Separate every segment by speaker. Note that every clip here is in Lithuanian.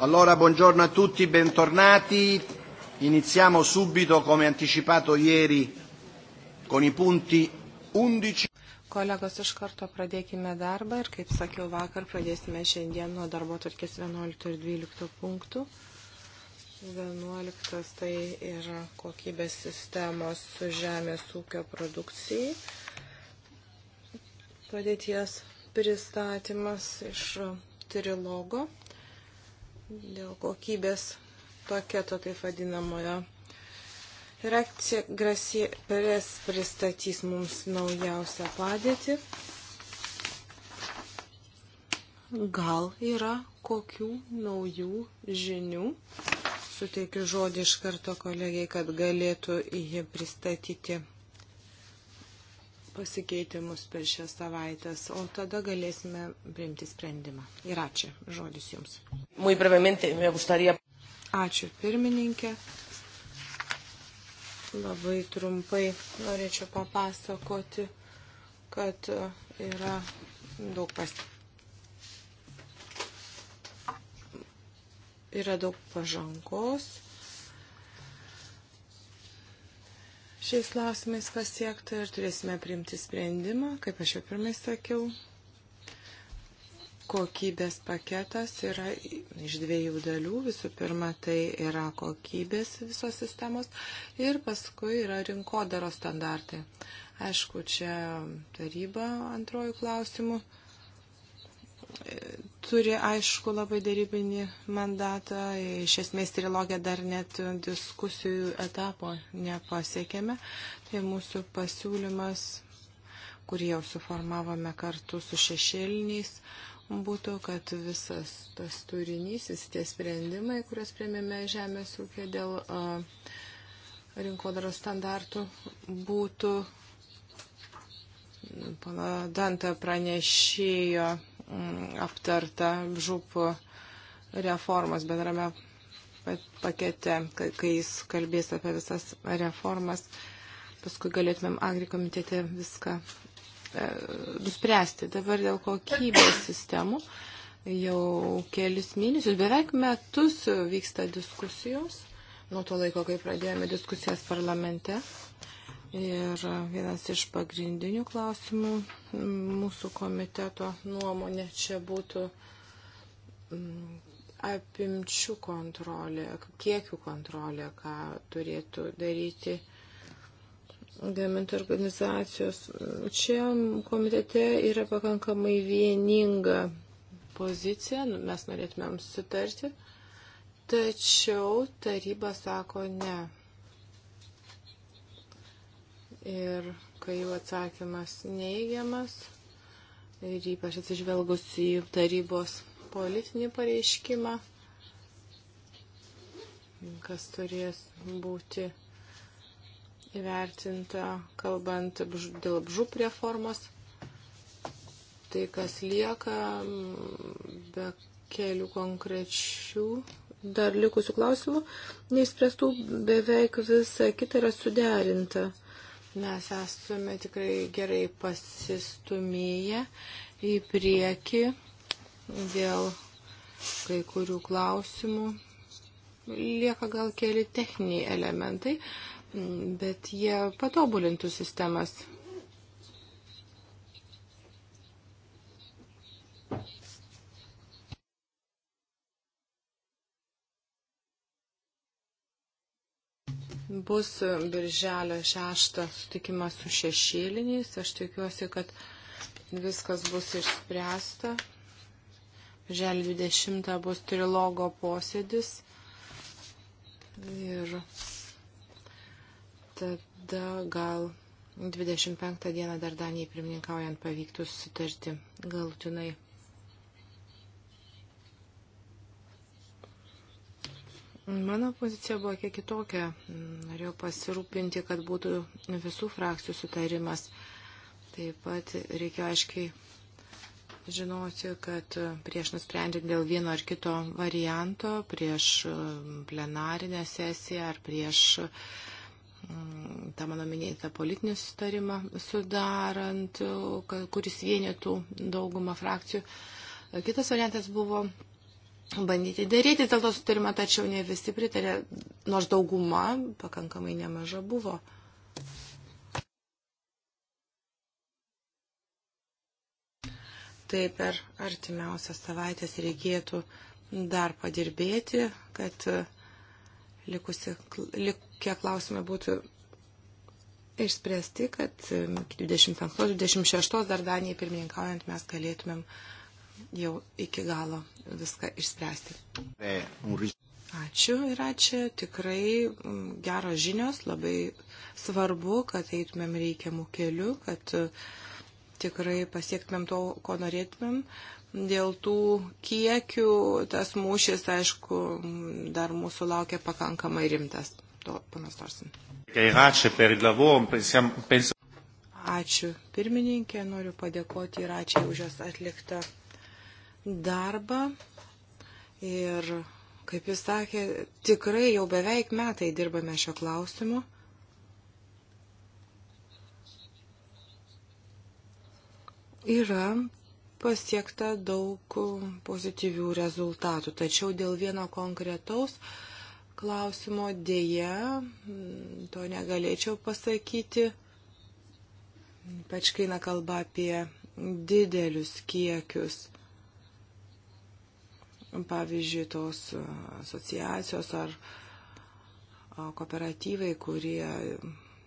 Speaker 1: Allora, buongiorno a tutti, bentornati. Iniziamo subito, come anticipato ieri, con i punti 11.
Speaker 2: Kolegos, iš karto pradėkime darbą ir, kaip sakiau vakar, pradėsime šiandien nuo darbo tarkės 11 ir 12 punktų. 11 tai yra kokybės sistemos su žemės ūkio produkcijai. Padėties pristatymas iš trilogo dėl kokybės paketo taip vadinamojo. Reakcija Grasie Peres pristatys mums naujausią padėtį. Gal yra kokių naujų žinių? Suteikiu žodį iš karto kolegiai, kad galėtų jį pristatyti pasikeitimus per šias savaitės, o tada galėsime priimti sprendimą. Ir ačiū. Žodis Jums. Muy brevemente, me gustaría. Ačiū, pirmininkė. Labai trumpai norėčiau papasakoti, kad e, yra daug pas... Yra daug pažangos šiais klausimais pasiekta ir turėsime priimti sprendimą, kaip aš jau pirmai sakiau. Kokybės paketas yra iš dviejų dalių. Visų pirma, tai yra kokybės visos sistemos ir paskui yra rinkodaro standartai. Aišku, čia taryba antrojų klausimų turi aišku labai darybinį mandatą. Iš esmės trilogija dar net diskusijų etapo nepasiekėme. Tai mūsų pasiūlymas, kurį jau suformavome kartu su šešėliniais, būtų, kad visas tas turinys, visi tie sprendimai, kuriuos priemėme žemės ūkė dėl uh, rinkodaros standartų, būtų nu, pana Danta pranešėjo Mm, aptarta žūp reformos bendrame pakete, kai jis kalbės apie visas reformas. Paskui galėtumėm agrikomitete viską e, nuspręsti. Dabar dėl kokybės sistemų jau kelis mėnesius, beveik metus vyksta diskusijos nuo to laiko, kai pradėjome diskusijas parlamente. Ir vienas iš pagrindinių klausimų mūsų komiteto nuomonė čia būtų apimčių kontrolė, kiekių kontrolė, ką turėtų daryti gamintų organizacijos. Čia komitete yra pakankamai vieninga pozicija, nu, mes norėtumėm sutarti, tačiau taryba sako ne Ir kai jų atsakymas neigiamas, ir ypač atsižvelgus į tarybos politinį pareiškimą, kas turės būti įvertinta, kalbant dėl žūp reformos, tai kas lieka be kelių konkrečių dar likusių klausimų, neįspręstų beveik visa kita yra suderinta mes esame tikrai gerai pasistumėję į priekį dėl kai kurių klausimų. Lieka gal keli techniniai elementai, bet jie patobulintų sistemas. bus birželio 6 sutikimas su šešėliniais. Aš tikiuosi, kad viskas bus išspręsta. Birželio 20 bus trilogo posėdis. Ir tada gal 25 dieną dar Danijai pirmininkaujant pavyktų susitarti galutinai Mano pozicija buvo kiek kitokia. Norėjau pasirūpinti, kad būtų visų frakcijų sutarimas. Taip pat reikia aiškiai žinoti, kad prieš nusprendžiant dėl vieno ar kito varianto, prieš plenarinę sesiją ar prieš tą mano minėtą politinį sutarimą sudarant, kuris vienytų daugumą frakcijų. Kitas variantas buvo bandyti daryti dėl to sutarimą, tačiau ne visi pritarė, nors dauguma pakankamai nemaža buvo. Tai per artimiausias savaitės reikėtų dar padirbėti, kad e, likusi, likę klausimai būtų išspręsti, kad e, iki 25-26 dar Danijai pirmininkaujant mes galėtumėm uh, jau iki galo viską išspręsti. E, ačiū yra čia tikrai mm, geros žinios, labai svarbu, kad eitumėm reikiamų kelių, kad e, tikrai pasiektumėm to, ko norėtumėm. Dėl tų kiekių tas mūšis, aišku, mm, dar mūsų laukia pakankamai rimtas. To panas Torsin. Ačiū pirmininkė, noriu padėkoti ir ačiū už jos atliktą darbą ir, kaip jis sakė, tikrai jau beveik metai dirbame šio klausimu. Yra pasiekta daug pozityvių rezultatų, tačiau dėl vieno konkretaus klausimo dėje, mm, to negalėčiau pasakyti, ypač kai na kalba apie didelius kiekius pavyzdžiui, tos asociacijos ar kooperatyvai, kurie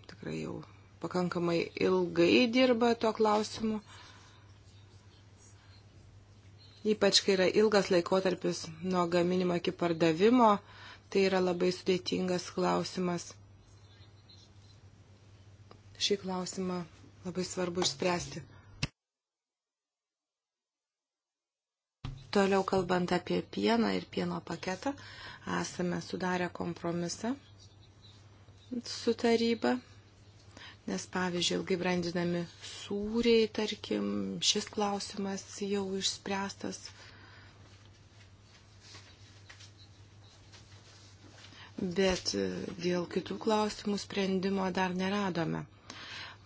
Speaker 2: tikrai jau pakankamai ilgai dirba tuo klausimu. Ypač, kai yra ilgas laikotarpis nuo gaminimo iki pardavimo, tai yra labai sudėtingas klausimas. Šį klausimą labai svarbu išspręsti. Toliau kalbant apie pieną ir pieno paketą, esame sudarę kompromisą su taryba, nes pavyzdžiui, ilgai brandinami sūriai, tarkim, šis klausimas jau išspręstas. Bet dėl kitų klausimų sprendimo dar neradome.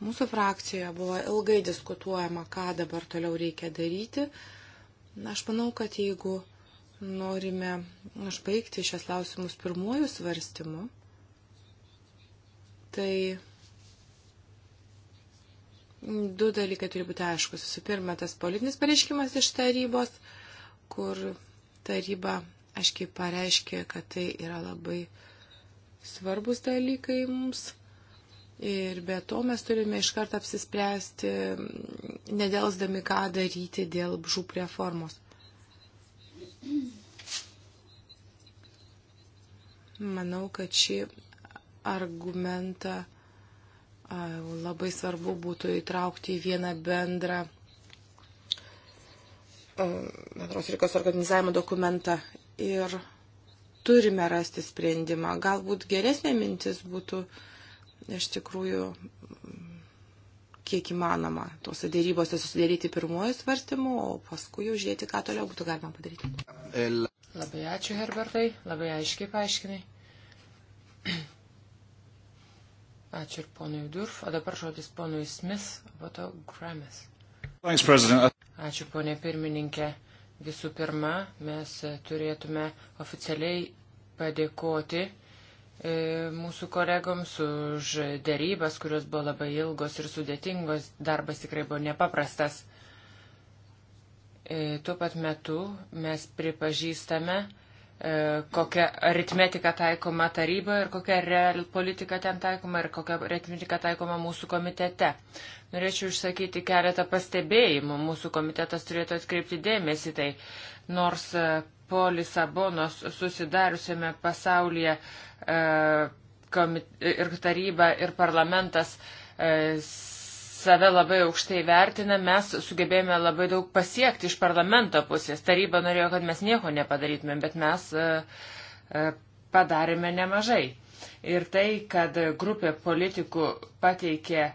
Speaker 2: Mūsų frakcijoje buvo ilgai diskutuojama, ką dabar toliau reikia daryti. Uh, Aš manau, kad jeigu norime užbaigti šias lausimus pirmojų svarstymų, tai du dalykai turi būti aiškus. Visų pirma, tas politinis pareiškimas iš tarybos, kur taryba aiškiai pareiškė, kad tai yra labai svarbus dalykai mums. Ir be to mes turime iš karto apsispręsti, nedelsdami, ką daryti dėl žūp reformos. Manau, kad šį argumentą labai svarbu būtų įtraukti į vieną bendrą bendros rinkos organizavimo dokumentą. Ir turime rasti sprendimą. Galbūt geresnė mintis būtų uh, iš tikrųjų kiek įmanoma tuose dėrybose susidėryti pirmuoju svarstymu, o paskui jau žiūrėti, ką toliau būtų
Speaker 3: galima padaryti. Labai ačiū, Herbertai, labai aiškiai paaiškinai. Ačiū ir ponui Durf, o dabar žodis ponui Smith, o to Gramis. Ačiū, ponė pirmininkė. Visų pirma, mes turėtume oficialiai padėkoti E, mūsų kolegoms už dėrybas, kurios buvo labai ilgos ir sudėtingos. Darbas tikrai buvo nepaprastas. E, tuo pat metu mes pripažįstame, e, kokia aritmetika taikoma taryba ir kokia real politika ten taikoma ir kokia aritmetika taikoma mūsų komitete. Norėčiau išsakyti keletą pastebėjimų. Mūsų komitetas turėtų atkreipti dėmesį tai, nors po Lisabonos susidariusiame pasaulyje e, ir taryba, ir parlamentas e, save labai aukštai vertina, mes sugebėjome labai daug pasiekti iš parlamento pusės. Taryba norėjo, kad mes nieko nepadarytumėm, bet mes e, padarėme nemažai. Ir tai, kad grupė politikų pateikė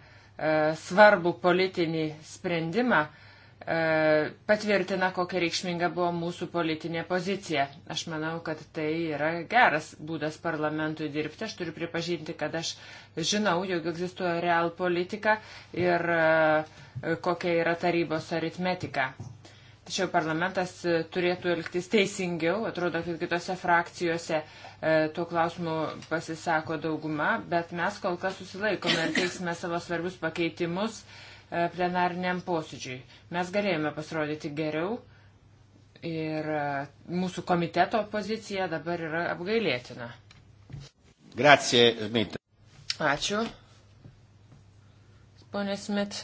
Speaker 3: svarbų politinį sprendimą, uh, E, patvirtina, kokia reikšminga buvo mūsų politinė pozicija. Aš manau, kad tai yra geras būdas parlamentui dirbti. Aš turiu pripažinti, kad aš žinau, jog egzistuoja real politika ir e, kokia yra tarybos aritmetika. Tačiau parlamentas e, turėtų elgtis teisingiau, atrodo, kad kitose frakcijose e, tuo klausimu pasisako dauguma, bet mes kol kas susilaikome ir teiksime savo svarbius pakeitimus. E, E, plenariniam posėdžiui. Mes galėjome pasirodyti geriau ir e, mūsų komiteto pozicija dabar yra apgailėtina.
Speaker 1: Grazie, Smith.
Speaker 3: Ačiū. Pone Smith,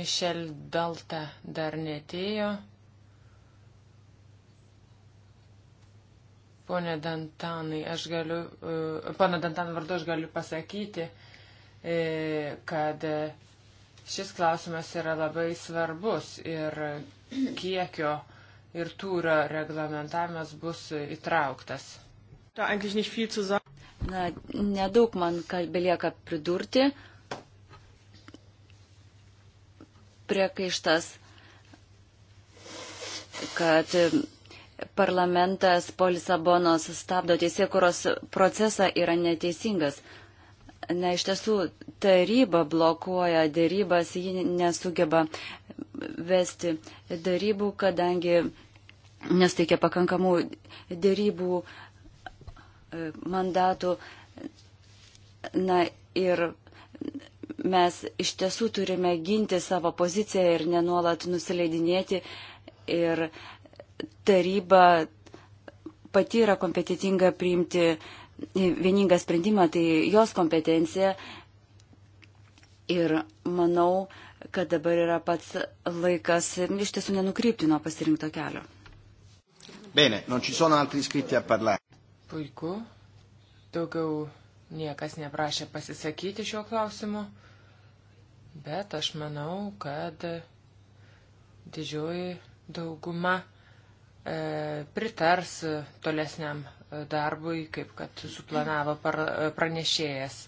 Speaker 3: Mišel Dalta dar netėjo. Pone Dantanai, aš galiu, e, pana Dantan vardu aš galiu pasakyti, kad Šis klausimas yra labai svarbus ir kiekio ir tūrio reglamentavimas bus įtrauktas.
Speaker 4: Na, nedaug man belieka pridurti. Priekaištas, kad parlamentas po Lisabonos stabdo teisėkuros procesą yra neteisingas. Na, iš tiesų, taryba blokuoja dėrybas, ji nesugeba vesti dėrybų, kadangi nesteikia pakankamų dėrybų e, mandatų. Na ir mes iš tiesų turime ginti savo poziciją ir nenuolat nusileidinėti. Ir taryba pati yra kompetitinga priimti uh, vieningą sprendimą, tai jos kompetencija. Ir manau, kad dabar yra pats laikas iš tiesų nenukrypti nuo
Speaker 3: pasirinkto kelio.
Speaker 1: Bene, non ci sono altri iscritti a parlare.
Speaker 3: Puiku. Daugiau niekas neprašė pasisakyti šiuo klausimu, bet aš manau, kad didžioji dauguma E, pritars tolesniam e, darbui, kaip kad suplanavo e, pranešėjas.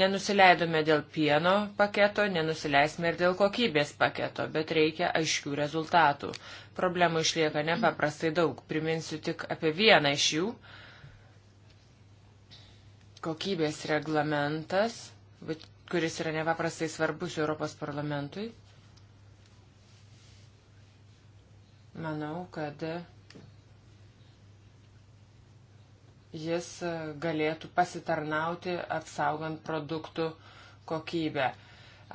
Speaker 3: Nenusileidome dėl pieno paketo, nenusileisime ir dėl kokybės paketo, bet reikia aiškių rezultatų. Problemų išlieka nepaprastai daug. Priminsiu tik apie vieną iš jų. Kokybės reglamentas, kuris yra nepaprastai svarbus Europos parlamentui, manau, kad jis galėtų pasitarnauti apsaugant produktų kokybę.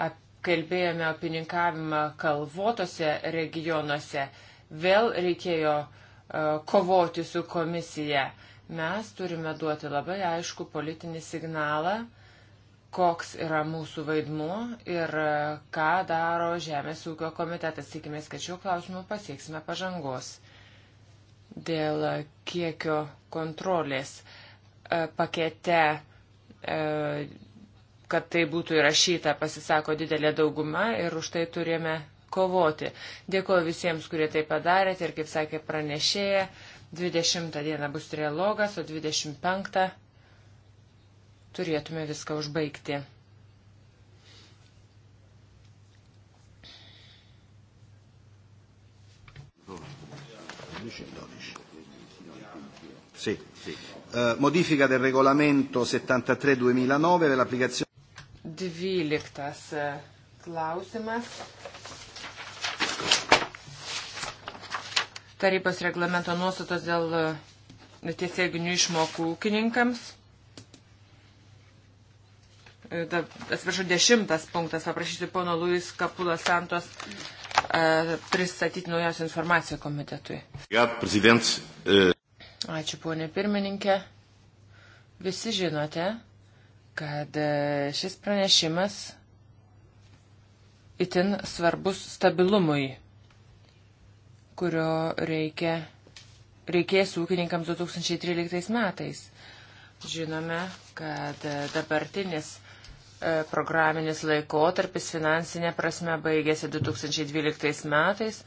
Speaker 3: Ap, kalbėjome opininkavimą kalvotose regionuose, vėl reikėjo uh, kovoti su komisija. Mes turime duoti labai aišku politinį signalą, uh, koks yra mūsų vaidmuo ir e, ką daro Žemės ūkio komitetas. Tikimės, kad šiuo klausimu pasieksime pažangos. Dėl kiekio kontrolės e, pakete, e, kad tai būtų įrašyta, pasisako didelė dauguma ir už tai turime kovoti. Dėkuoju visiems, kurie tai padarėte ir, kaip sakė pranešėja, 20 dieną bus trialogas, o 25 turėtume viską užbaigti.
Speaker 1: Sì. Uh, modifica del regolamento 73-2009 dell'applicazione.
Speaker 3: 12 eh, klausimas. Tarybos reglamento nuostatos dėl eh, tiesioginių išmokų ūkininkams atsiprašau, dešimtas punktas, paprašysiu pono Luis Kapulas Santos e, pristatyti naujos informaciją komitetui. E, Ačiū, ponė pirmininkė. Visi žinote, kad e, šis pranešimas itin svarbus stabilumui, kurio reikia, reikės ūkininkams 2013 metais. Žinome, kad dabartinis programinis laikotarpis finansinė prasme baigėsi 2012 metais,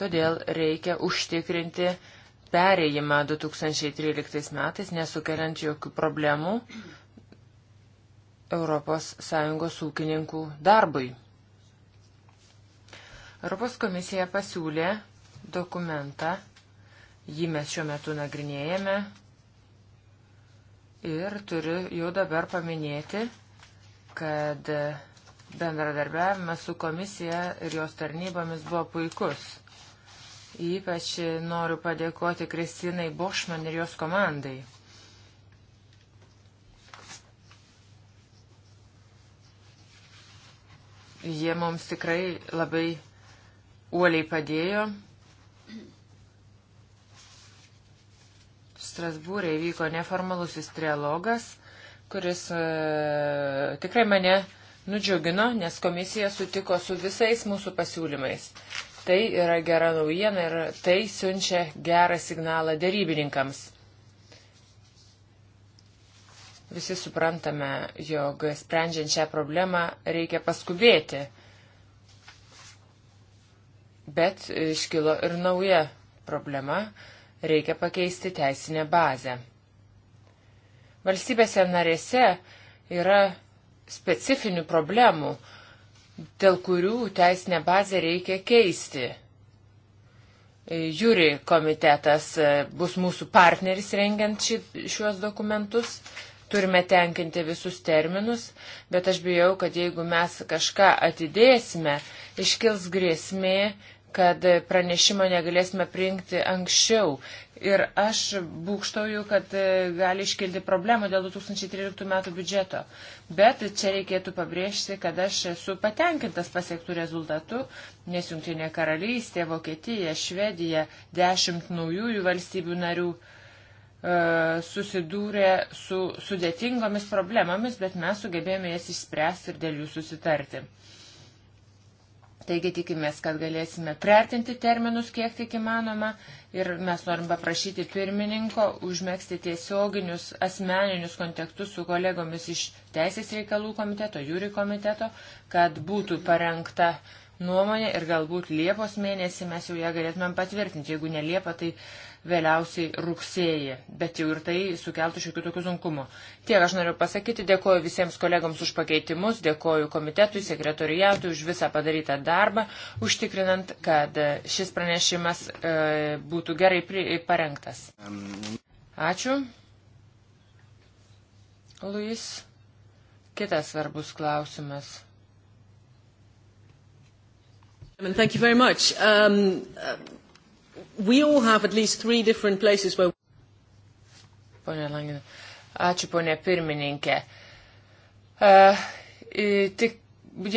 Speaker 3: todėl reikia užtikrinti perėjimą 2013 metais, nesukeliant jokių problemų ES ūkininkų darbui. Europos komisija pasiūlė dokumentą, jį mes šiuo metu nagrinėjame ir turiu jau dabar paminėti, kad bendradarbiavimas su komisija ir jos tarnybomis buvo puikus. Ypač noriu padėkoti Kristinai Bošman ir jos komandai. Jie mums tikrai labai uoliai padėjo. Strasbūrė vyko neformalusis trialogas kuris e, tikrai mane nudžiugino, nes komisija sutiko su visais mūsų pasiūlymais. Tai yra gera naujiena ir tai siunčia gerą signalą dėrybininkams. Visi suprantame, jog sprendžiant šią problemą reikia paskubėti. Bet iškilo ir nauja problema - reikia pakeisti teisinę bazę. Valstybėse narėse yra specifinių problemų, dėl kurių teisinę bazę reikia keisti. E, Jūri komitetas e, bus mūsų partneris rengiant ši, šiuos dokumentus. Turime tenkinti visus terminus, bet aš bijau, kad jeigu mes kažką atidėsime, iškils grėsmė kad pranešimo negalėsime priimti anksčiau. Ir aš būkštauju, kad e, gali iškilti problemų dėl 2013 metų biudžeto. Bet čia reikėtų pabrėžti, kad aš esu patenkintas pasiektų rezultatų, nes Junktinė karalystė, Vokietija, Švedija, dešimt naujųjų valstybių narių e, susidūrė su sudėtingomis problemomis, bet mes sugebėjome jas išspręsti ir dėl jų susitarti. Taigi tikimės, kad galėsime priartinti terminus kiek tik įmanoma ir mes norim paprašyti pirmininko užmėgsti tiesioginius asmeninius kontaktus su kolegomis iš Teisės reikalų komiteto, jūri komiteto, kad būtų parengta uh, nuomonę ir galbūt Liepos mėnesį mes jau ją galėtumėm patvirtinti. Jeigu ne Liepa, tai vėliausiai rugsėjį. Bet jau ir tai sukeltų šiokių tokių sunkumų. Tiek aš noriu pasakyti, dėkoju visiems kolegams už pakeitimus, dėkoju komitetui, sekretoriatui už visą padarytą darbą, užtikrinant, kad šis pranešimas e, būtų gerai pri, parengtas. Ačiū. Luis, kitas svarbus klausimas. Thank you very much. Um, uh, we all have at least three different places where. Pone Langin, ačiū ponė pirmininkė. Uh, tik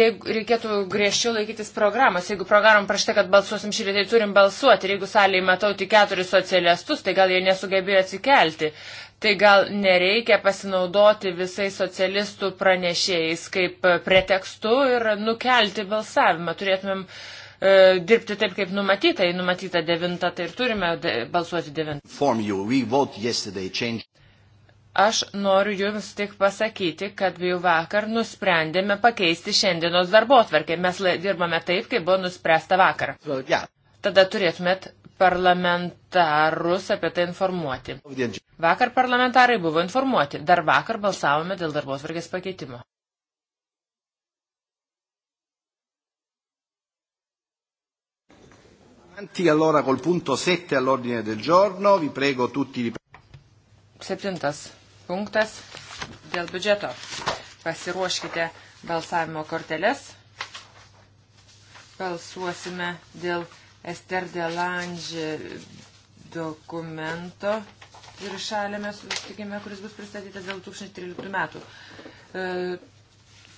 Speaker 3: jeigu reikėtų griežčiau laikytis programos, jeigu programom prašta, kad balsuosim šį rytą, tai turim balsuoti. Ir jeigu salėje matau tik keturis socialistus, tai gal jie nesugebėjo atsikelti tai gal nereikia pasinaudoti visais socialistų pranešėjais kaip e, pretekstu ir nukelti balsavimą. Turėtumėm e, dirbti taip, kaip numatyta. Jei numatyta devinta, tai ir turime de, balsuoti
Speaker 1: devintą.
Speaker 3: Aš noriu Jums tik pasakyti, kad jau vakar nusprendėme pakeisti šiandienos darbo atvarkę. Mes dirbame taip, kaip buvo nuspręsta vakar. Well, yeah. Tada turėtumėt parlamentarus apie tai informuoti. Vakar parlamentarai buvo informuoti, dar vakar balsavome dėl darbos vargės pakeitimo.
Speaker 1: Avanti allora col punto 7 all'ordine del giorno, vi prego tutti di...
Speaker 3: Septintas punktas dėl biudžeto. Pasiruoškite balsavimo korteles. Balsuosime dėl Ester Delange dokumento ir šalėme susitikime, kuris bus pristatytas dėl 2013 metų. E,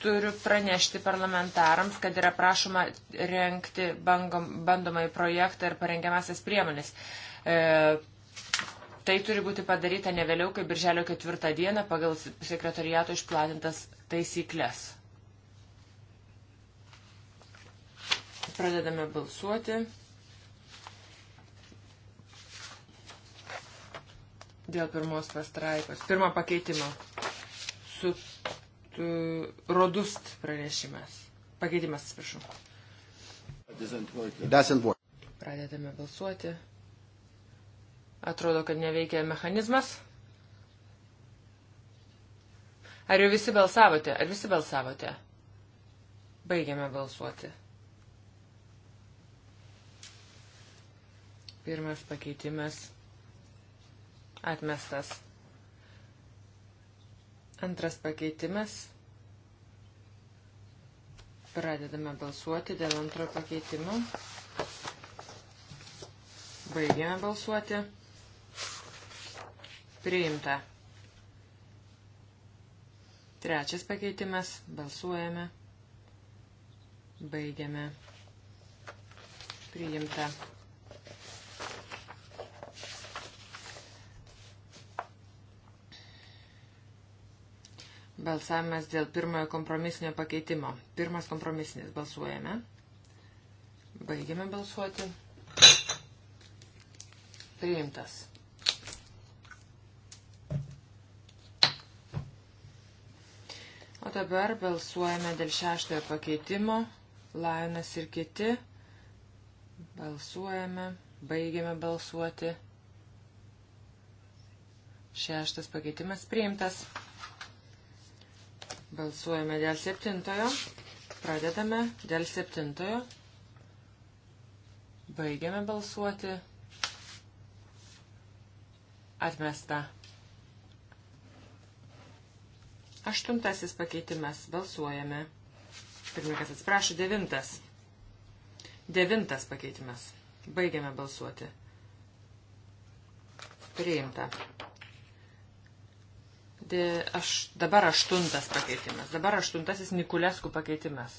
Speaker 3: turiu pranešti parlamentarams, kad yra prašoma renkti bandomąjį projektą ir parengiamasias priemonės. E, tai turi būti padaryta ne vėliau kaip birželio ketvirtą dieną pagal sekretariato išplatintas taisyklės. Pradedame balsuoti. dėl pirmos pastraipos, pirmo pakeitimo. Su tu, rodust pranešimas. Pakeitimas, atsiprašau. Pradedame balsuoti. Atrodo, kad neveikia mechanizmas. Ar jau visi balsavote? Ar visi balsavote? Baigiame balsuoti. Pirmas pakeitimas Atmestas. Antras pakeitimas. Pradedame balsuoti dėl antrojo pakeitimo. Baigiame balsuoti. Priimta. Trečias pakeitimas. Balsuojame. Baigiame. Priimta. Balsavimas dėl pirmojo kompromisinio pakeitimo. Pirmas kompromisinis. Balsuojame. Baigiame balsuoti. Priimtas. O dabar balsuojame dėl šeštojo pakeitimo. Lajonas ir kiti. Balsuojame. Baigiame balsuoti. Šeštas pakeitimas priimtas. Balsuojame dėl septintojo. Pradedame dėl septintojo. Baigiame balsuoti. Atmesta. Aštuntasis pakeitimas. Balsuojame. Pirmininkas atsiprašo. Devintas. Devintas pakeitimas. Baigiame balsuoti. Priimta. Aš, dabar aštuntas pakeitimas. Dabar aštuntasis Nikulėskų pakeitimas.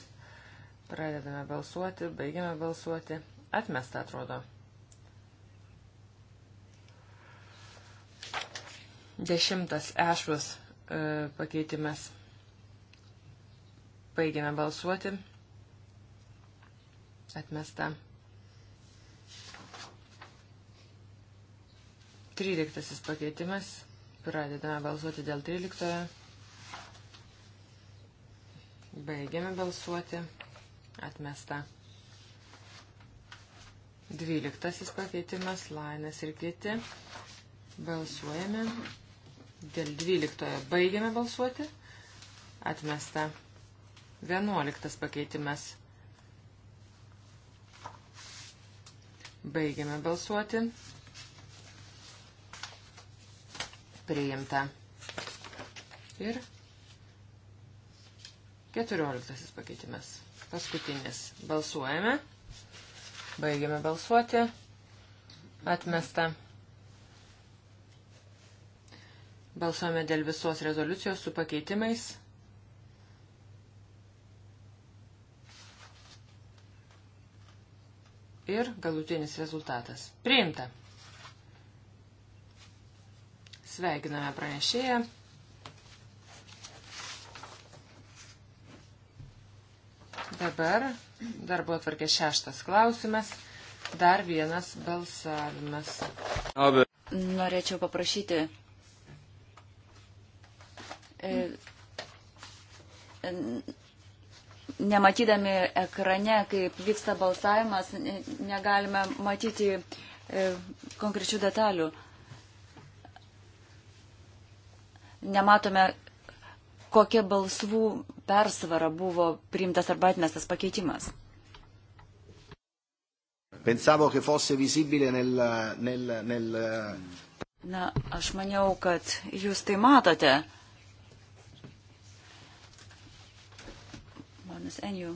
Speaker 3: Pradedame balsuoti, baigiame balsuoti. Atmesta atrodo. Dešimtas Ešvus e, pakeitimas. Baigiame balsuoti. Atmesta. 13 pakeitimas. Pradedame balsuoti dėl 13. Baigiame balsuoti. Atmesta. 12 pakeitimas, Lainas ir kiti. Balsuojame. Dėl 12 baigiame balsuoti. Atmesta. 11 pakeitimas. Baigiame balsuoti. priimta. Ir keturioliktasis pakeitimas. Paskutinis. Balsuojame. Baigiame balsuoti. Atmesta. Balsuojame dėl visos rezoliucijos su pakeitimais. Ir galutinis rezultatas. Priimta. Sveikiname pranešėją. Dabar darbo atvarkė šeštas klausimas. Dar vienas balsavimas. Norėčiau paprašyti e,
Speaker 4: nematydami ekrane, kaip vyksta balsavimas, negalime matyti e, konkrečių detalių. nematome, kokia balsvų persvara buvo priimtas arba atmestas pakeitimas.
Speaker 1: Pensavo, kad fosse visibile nel, nel, nel...
Speaker 4: Na, aš maniau, kad jūs tai matote.
Speaker 2: Ponas Enjų.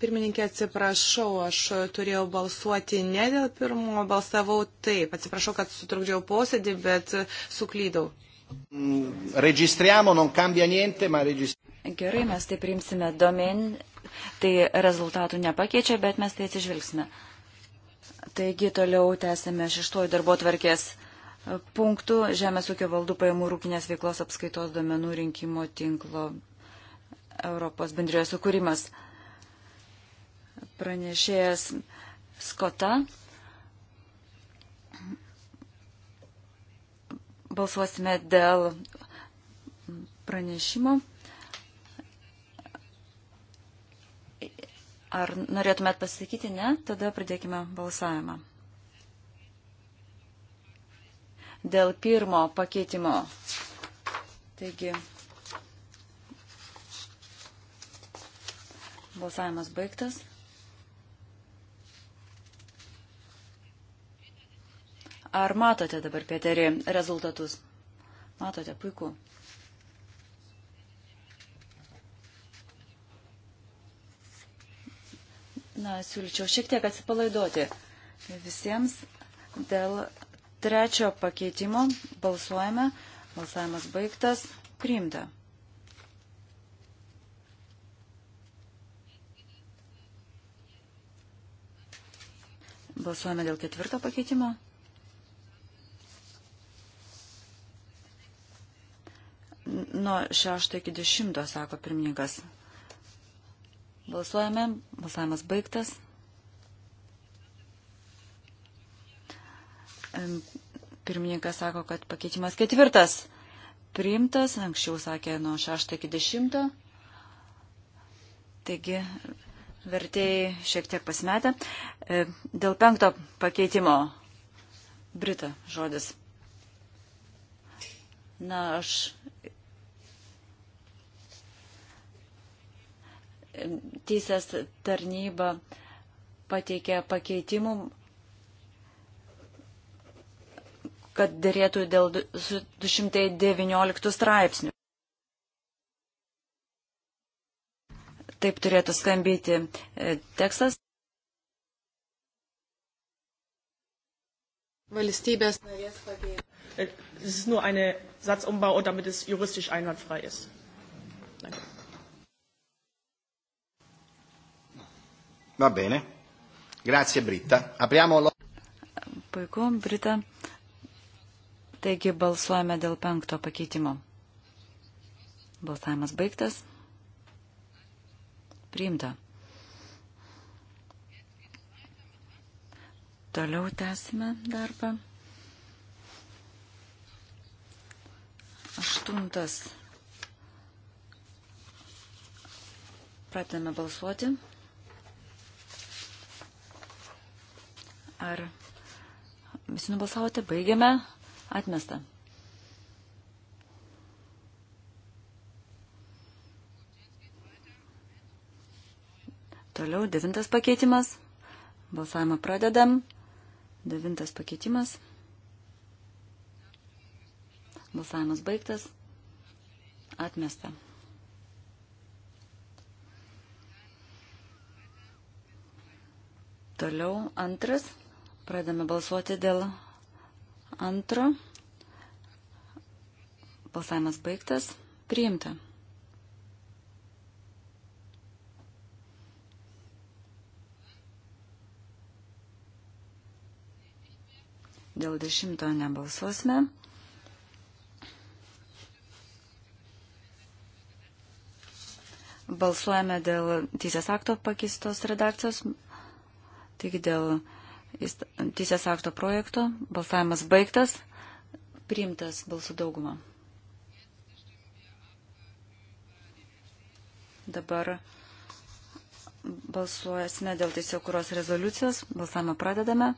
Speaker 2: Pirmininkė, atsiprašau, aš turėjau balsuoti ne dėl pirmo, balsavau taip. Atsiprašau, kad sutrukdžiau posėdį, bet suklydau.
Speaker 1: Registriamo, non cambia niente, ma registriamo.
Speaker 4: Gerai, mes tai priimsime domin, tai rezultatų nepakeičia, bet mes tai atsižvelgsime. Taigi toliau tęsime šeštuoju darbo tvarkės punktų Žemės ūkio valdų pajamų rūkinės veiklos apskaitos domenų rinkimo tinklo Europos bendrijos sukūrimas pranešėjas Skota. Balsuosime dėl pranešimo. Ar norėtumėt pasakyti ne? Tada pradėkime balsavimą. Dėl pirmo pakeitimo. Taigi, balsavimas baigtas. Ar matote dabar, Peterį, rezultatus? Matote, puiku. Na, siūlyčiau šiek tiek atsipalaiduoti visiems dėl trečio pakeitimo. Balsuojame. Balsavimas baigtas. Priimta. Balsuojame dėl ketvirto pakeitimo. Nuo 6 iki 10, sako pirmininkas. Balsuojame, balsavimas baigtas. Pirmininkas sako, kad pakeitimas ketvirtas priimtas, anksčiau sakė nuo 6 iki 10. Taigi vertėjai šiek tiek pasimetę. E, dėl penkto pakeitimo Brita žodis. Na, aš teisės tarnyba pateikė pakeitimų, kad dėrėtų dėl 219 straipsnių. Taip turėtų skambyti e, tekstas.
Speaker 2: Valstybės narės pabėgė. Äh, es ist nur eine Satzumbau, damit es juristisch einwandfrei ist. Danke.
Speaker 1: Va bene. Grazie Britta. Apriamo lo...
Speaker 4: Puiku, Brita. Taigi balsuojame dėl penkto pakeitimo. Balsavimas baigtas. Priimta. Toliau tęsime darbą. Aštuntas. Pratėme balsuoti. Ar visi nubalsavote? Baigiame. Atmesta. Toliau devintas pakeitimas. Balsavimą pradedam. Devintas pakeitimas. Balsavimas baigtas. Atmesta. Toliau antras. Pradame balsuoti dėl antro. Balsavimas baigtas. Priimta. Dėl dešimto nebalsuosime. Balsuojame dėl teisės akto pakeistos redakcijos, taigi dėl teisės akto projekto. Balsavimas baigtas. Priimtas balsų daugumą. Dabar balsuosime dėl tiesiog kurios rezoliucijos. Balsavimą pradedame.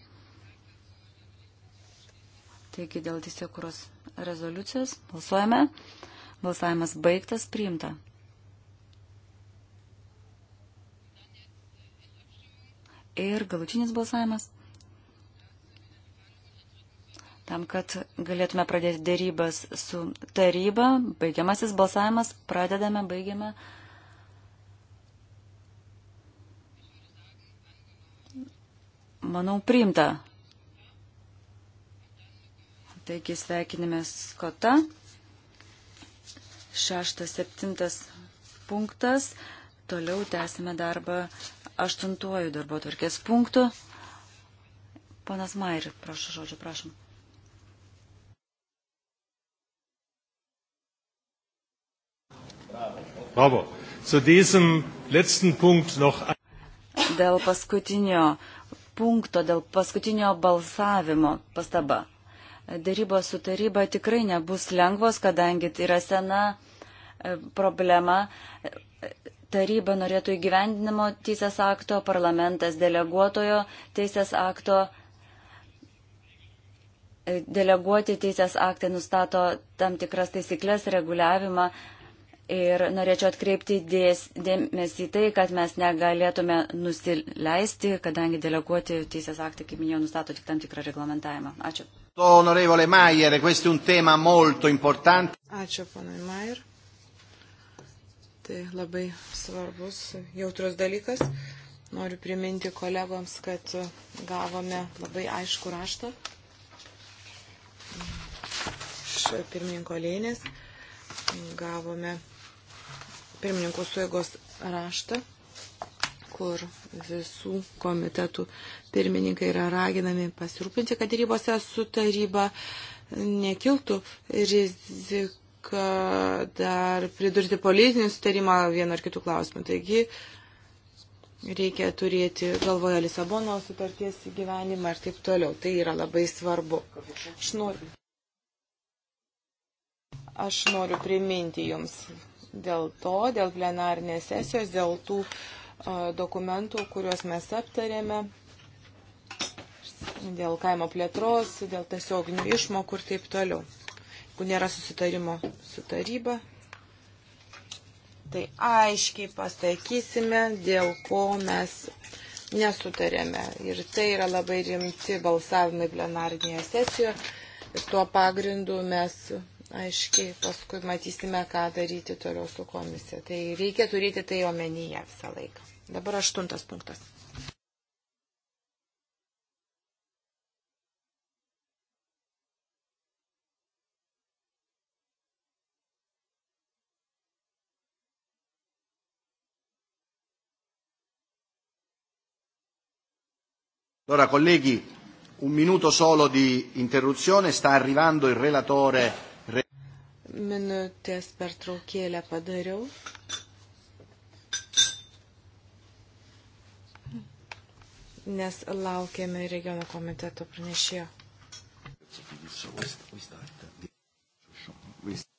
Speaker 4: Taigi dėl tiesiog kurios rezoliucijos balsuojame. Balsavimas baigtas, priimta. Ir galutinis balsavimas tam, kad galėtume pradėti dėrybas su taryba. Baigiamasis balsavimas, pradedame, baigiame. Manau, priimta. Taigi sveikinime Skota. Šeštas, septintas punktas. Toliau tęsime darbą aštuntuoju darbo tvarkės punktu. Panas Mairi, prašau žodžio, prašom.
Speaker 3: Bravo. Zu diesem letzten Punkt noch.
Speaker 4: Dėl paskutinio punkto, dėl paskutinio balsavimo pastaba. Darybos su taryba tikrai nebus lengvos, kadangi tai yra sena e, problema. Taryba norėtų įgyvendinimo teisės akto, parlamentas deleguotojo teisės akto. E, deleguoti teisės aktai nustato tam tikras taisyklės reguliavimą Ir norėčiau atkreipti dės, dėmesį į tai, kad mes negalėtume nusileisti, kadangi deleguoti teisės aktai, kaip minėjau, nustato tik tam tikrą reglamentavimą.
Speaker 2: Ačiū.
Speaker 1: Onorevole Maier, questo è un tema molto importante.
Speaker 2: Ačiū, ponai Maier. Tai labai svarbus, jautrus dalykas. Noriu priminti kolegoms, kad gavome labai aišku raštą iš pirmininko lėnės gavome pirmininkų suėgos raštą, kur visų komitetų pirmininkai yra raginami pasirūpinti, kad dėrybose su taryba nekiltų rizika dar pridurti politinį sutarimą vienu ar kitų klausimų. Taigi reikia turėti galvoje Lisabono sutarties įgyvenimą ir taip toliau. Tai yra labai svarbu. Aš noriu, aš noriu priminti jums dėl to, dėl plenarnės sesijos, dėl tų dokumentų, kuriuos mes aptarėme, dėl kaimo plėtros, dėl tiesioginių išmokų ir taip toliau. Jeigu nėra susitarimo su taryba, tai aiškiai pasakysime, dėl ko mes nesutarėme. Ir tai yra labai rimti balsavimai plenarinėje sesijoje. Ir tuo pagrindu mes aiškiai paskui matysime, ką daryti toliau su komisija. Tai reikia turėti tai omenyje visą laiką. Dabar aštuntas punktas.
Speaker 1: Allora, colleghi, un minuto solo di interruzione, sta arrivando il relatore
Speaker 2: Minutės per traukėlę padariau. Nes laukiame regiono komiteto pranešėjo.
Speaker 1: Vaistą.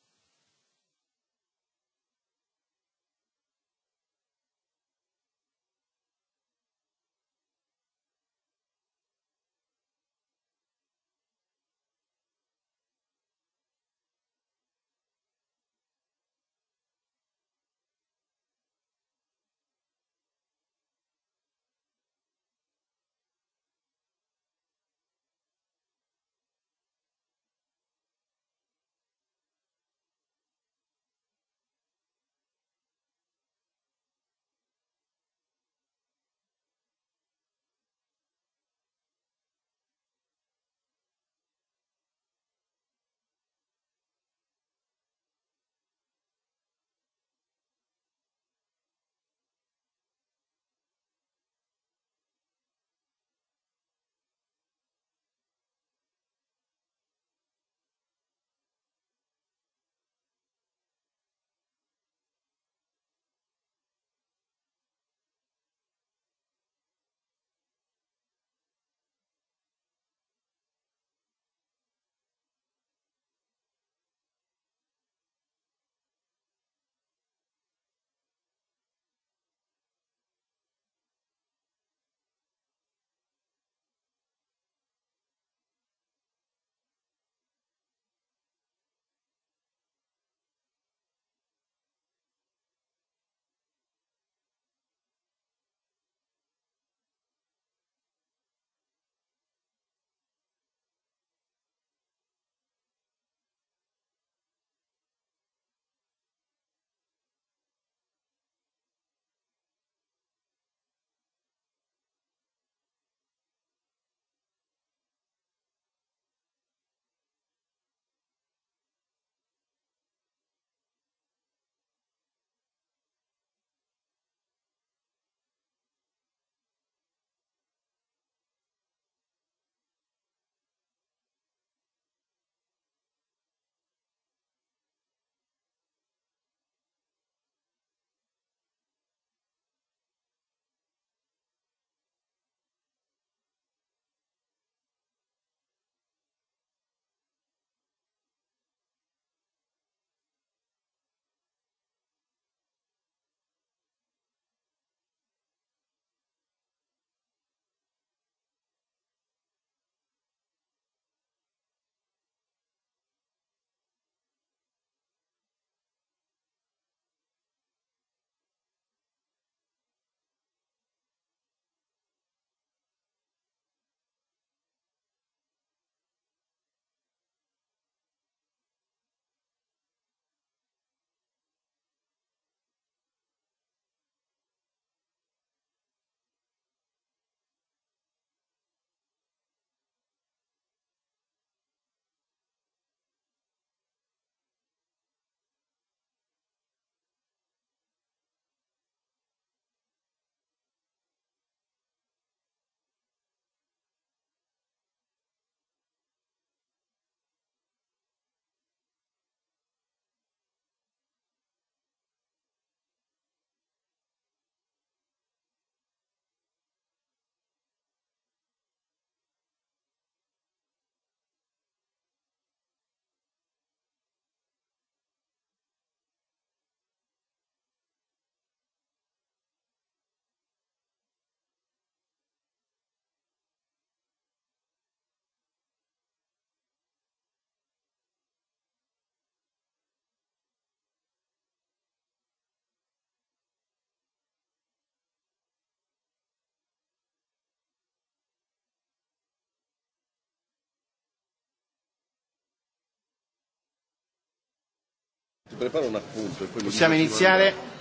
Speaker 1: Preparo un appunto. E possiamo iniziare?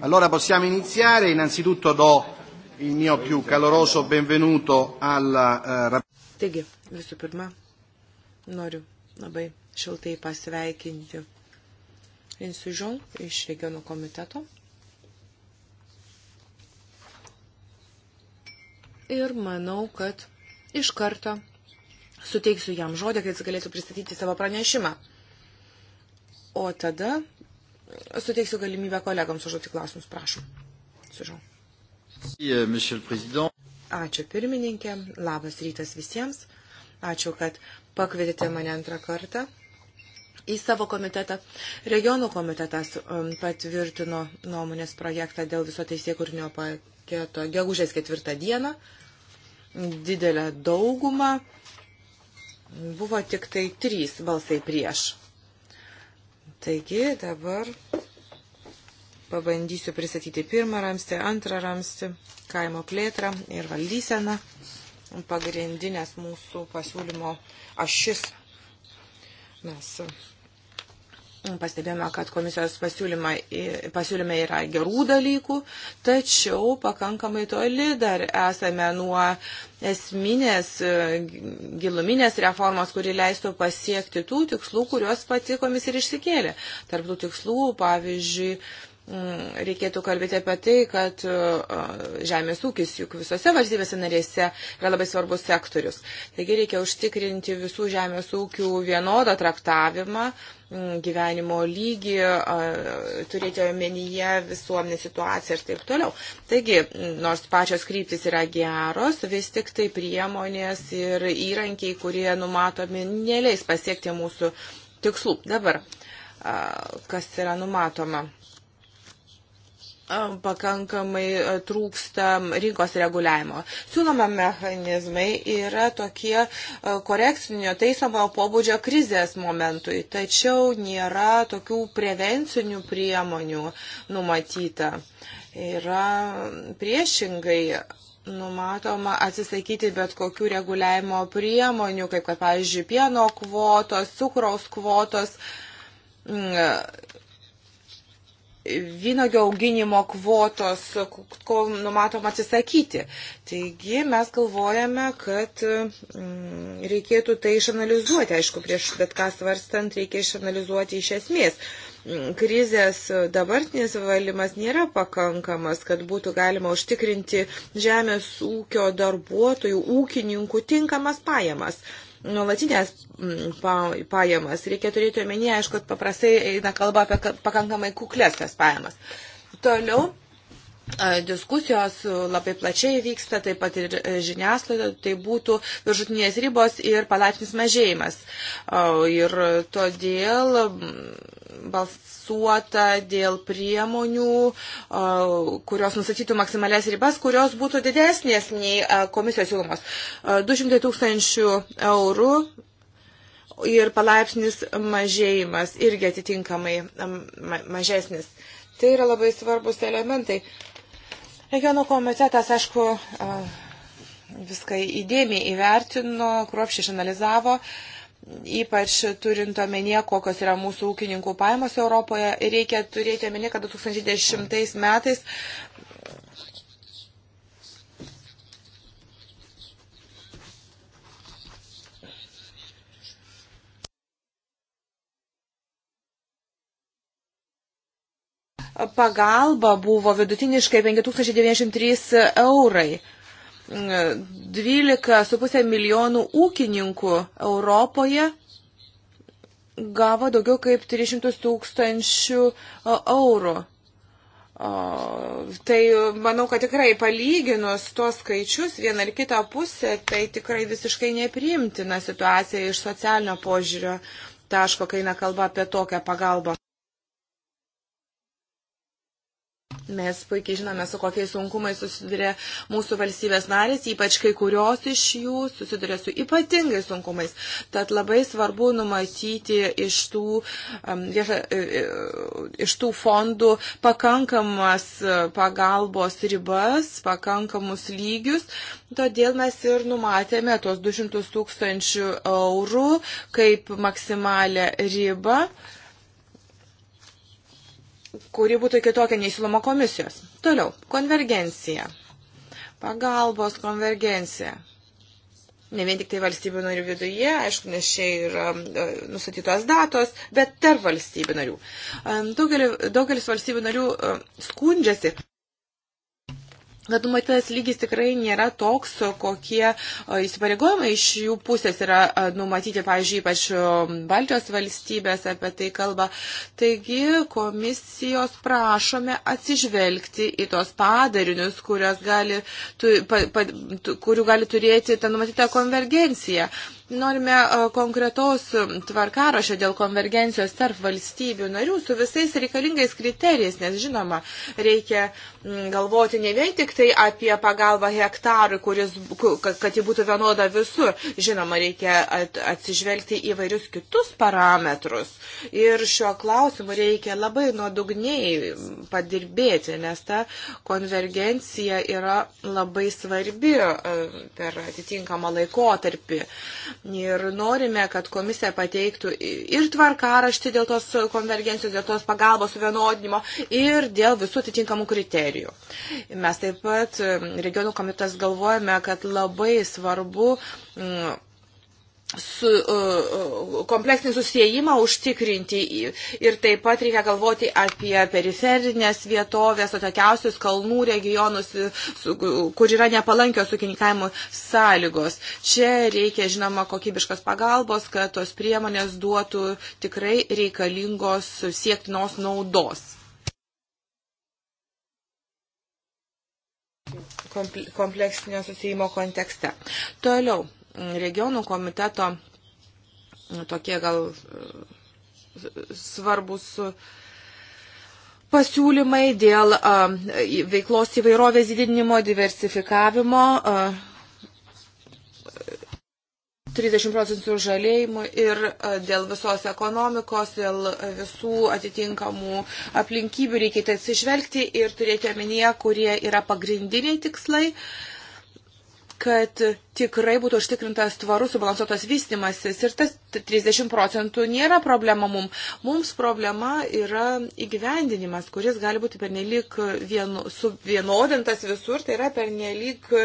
Speaker 1: Allora possiamo iniziare. Innanzitutto do il mio più caloroso benvenuto al uh,
Speaker 2: Taigi, visų pirma, noriu labai šiltai pasveikinti Insužon iš regionų komiteto. Ir manau, kad iš karto suteiksiu jam žodį, kad jis galėtų pristatyti savo pranešimą. O tada suteiksiu galimybę kolegams užduoti klausimus, prašom. Sužau.
Speaker 1: Euh,
Speaker 2: Ačiū pirmininkė, labas rytas visiems. Ačiū, kad pakvietėte mane antrą kartą į savo komitetą. Regionų komitetas um, patvirtino nuomonės projektą dėl viso teisėkūrinio paketo gegužės ketvirtą dieną. Didelę daugumą buvo tik tai trys balsai prieš. Taigi dabar pabandysiu pristatyti pirmą ramstį, antrą ramstį, kaimo plėtrą ir valdyseną, pagrindinės mūsų pasiūlymo ašis. Mes Pastebėjome, kad komisijos pasiūlyme yra gerų dalykų, tačiau pakankamai toli dar esame nuo esminės e, giluminės reformos, kuri leistų pasiekti tų tikslų, kuriuos pati komisija ir išsikėlė. Tarp tų tikslų, pavyzdžiui, Mm, reikėtų kalbėti apie tai, kad e, e, žemės ūkis juk visose valstybėse narėse yra labai svarbus sektorius. Taigi reikia užtikrinti visų žemės ūkių vienodą traktavimą, mm, gyvenimo lygį, e, turėti omenyje visuomenę situaciją ir taip toliau. Taigi, mm, nors pačios kryptis yra geros, vis tik tai priemonės ir įrankiai, kurie numatomi, neleis pasiekti mūsų tikslų. Dabar, kas yra numatoma? pakankamai e, trūksta rinkos reguliavimo. Siūloma mechanizmai yra tokie e, korekcinio teisamojo pobūdžio krizės momentui, tačiau nėra tokių prevencinių priemonių numatyta. Yra priešingai numatoma atsisakyti bet kokių reguliavimo priemonių, kaip kad, pavyzdžiui, pieno kvotos, cukraus kvotos mm, vynogio auginimo kvotos, ko numatom atsisakyti. Taigi mes galvojame, kad mm, reikėtų tai išanalizuoti. Aišku, prieš bet ką svarstant reikia išanalizuoti iš esmės. Mm, krizės dabartinis valymas nėra pakankamas, kad būtų galima užtikrinti žemės ūkio darbuotojų, ūkininkų tinkamas pajamas nuolatinės mm, pajamas. Reikia turėti omenyje, aišku, paprastai eina kalba apie pakankamai kuklės tas pajamas. Toliau diskusijos labai plačiai vyksta, taip pat ir e, žiniasklaida, tai būtų viršutinės ribos ir palaipsnis mažėjimas. Ir todėl balsuota dėl priemonių, kurios nusatytų maksimalės ribas, kurios būtų didesnės nei e, komisijos siūlomos. 200 e, tūkstančių eurų ir palaipsnis mažėjimas irgi atitinkamai mažesnis. Tai yra labai svarbus elementai. Regionų komitetas, aišku, viską įdėmiai įvertino, kruopšiai išanalizavo ypač turint omenyje, kokios yra mūsų ūkininkų pajamos Europoje, reikia turėti omenyje, kad 2010 metais pagalba buvo vidutiniškai 5093 eurai. 12,5 milijonų ūkininkų Europoje gavo daugiau kaip 300 tūkstančių eurų. O, tai manau, kad tikrai palyginus tuos skaičius vieną ar kitą pusę, tai tikrai visiškai nepriimtina situacija iš socialinio požiūrio taško, kai eina kalba apie tokią pagalbą. Mes puikiai žinome, su kokiais sunkumais susiduria mūsų valstybės narės, ypač kai kurios iš jų susiduria su ypatingai sunkumais. Tad labai svarbu numatyti iš tų, um, vieša, e, e, iš tų fondų pakankamas e, pagalbos ribas, pakankamus lygius. Todėl mes ir numatėme tuos 200 tūkstančių eurų kaip maksimalę ribą kuri būtų kitokia nei siūloma komisijos. Toliau, konvergencija. Pagalbos konvergencija. Ne vien tik tai valstybių narių viduje, aišku, nes čia yra e, nustatytos datos, bet tarp valstybių narių. Daugelis, daugelis valstybių narių e, skundžiasi kad numatytas lygis tikrai nėra toks, kokie e, įsipareigojimai iš jų pusės yra e, numatyti, pavyzdžiui, ypač e, Baltijos valstybės apie tai kalba. Taigi komisijos prašome atsižvelgti į tos padarinius, gali, tu, pa, pa, tu, kurių gali turėti ta numatyta konvergencija norime e, konkretaus e, tvarkarašio dėl konvergencijos tarp valstybių narių su visais reikalingais kriterijais, nes žinoma, reikia galvoti ne vien tik tai apie pagalbą hektarui, kuris, kad ji būtų vienoda visur. Žinoma, reikia atsižvelgti į vairius kitus parametrus. Ir šiuo klausimu reikia labai nuodugniai padirbėti, nes ta konvergencija yra labai svarbi e, per atitinkamą laikotarpį. Ir norime, kad komisija pateiktų ir tvarkaraštį dėl tos konvergencijos, dėl tos pagalbos suvienodinimo ir dėl visų atitinkamų kriterijų. Mes taip pat regionų komitas galvojame, kad labai svarbu m, su, e, e, kompleksinį susijimą užtikrinti ir taip pat reikia galvoti apie periferinės vietovės, atokiausius kalnų regionus, e, kur yra nepalankios ūkininkavimo sąlygos. Čia reikia, žinoma, kokybiškos pagalbos, kad tos priemonės duotų tikrai reikalingos siektinos naudos. kompleksinio susijimo kontekste. Toliau, regionų komiteto tokie gal e, svarbus pasiūlymai dėl e, veiklos įvairovės didinimo, diversifikavimo, 30 e, procentų žalėjimų ir dėl visos ekonomikos, dėl visų atitinkamų aplinkybių reikia tai atsižvelgti ir turėti omenyje, kurie yra pagrindiniai tikslai. Uh, kad tikrai būtų užtikrintas tvarus subalansuotas vystimasis. Ir tas 30 procentų nėra problema mum. Mums problema yra įgyvendinimas, kuris gali būti pernelyg vienu, suvienodintas visur, tai yra pernelyg um,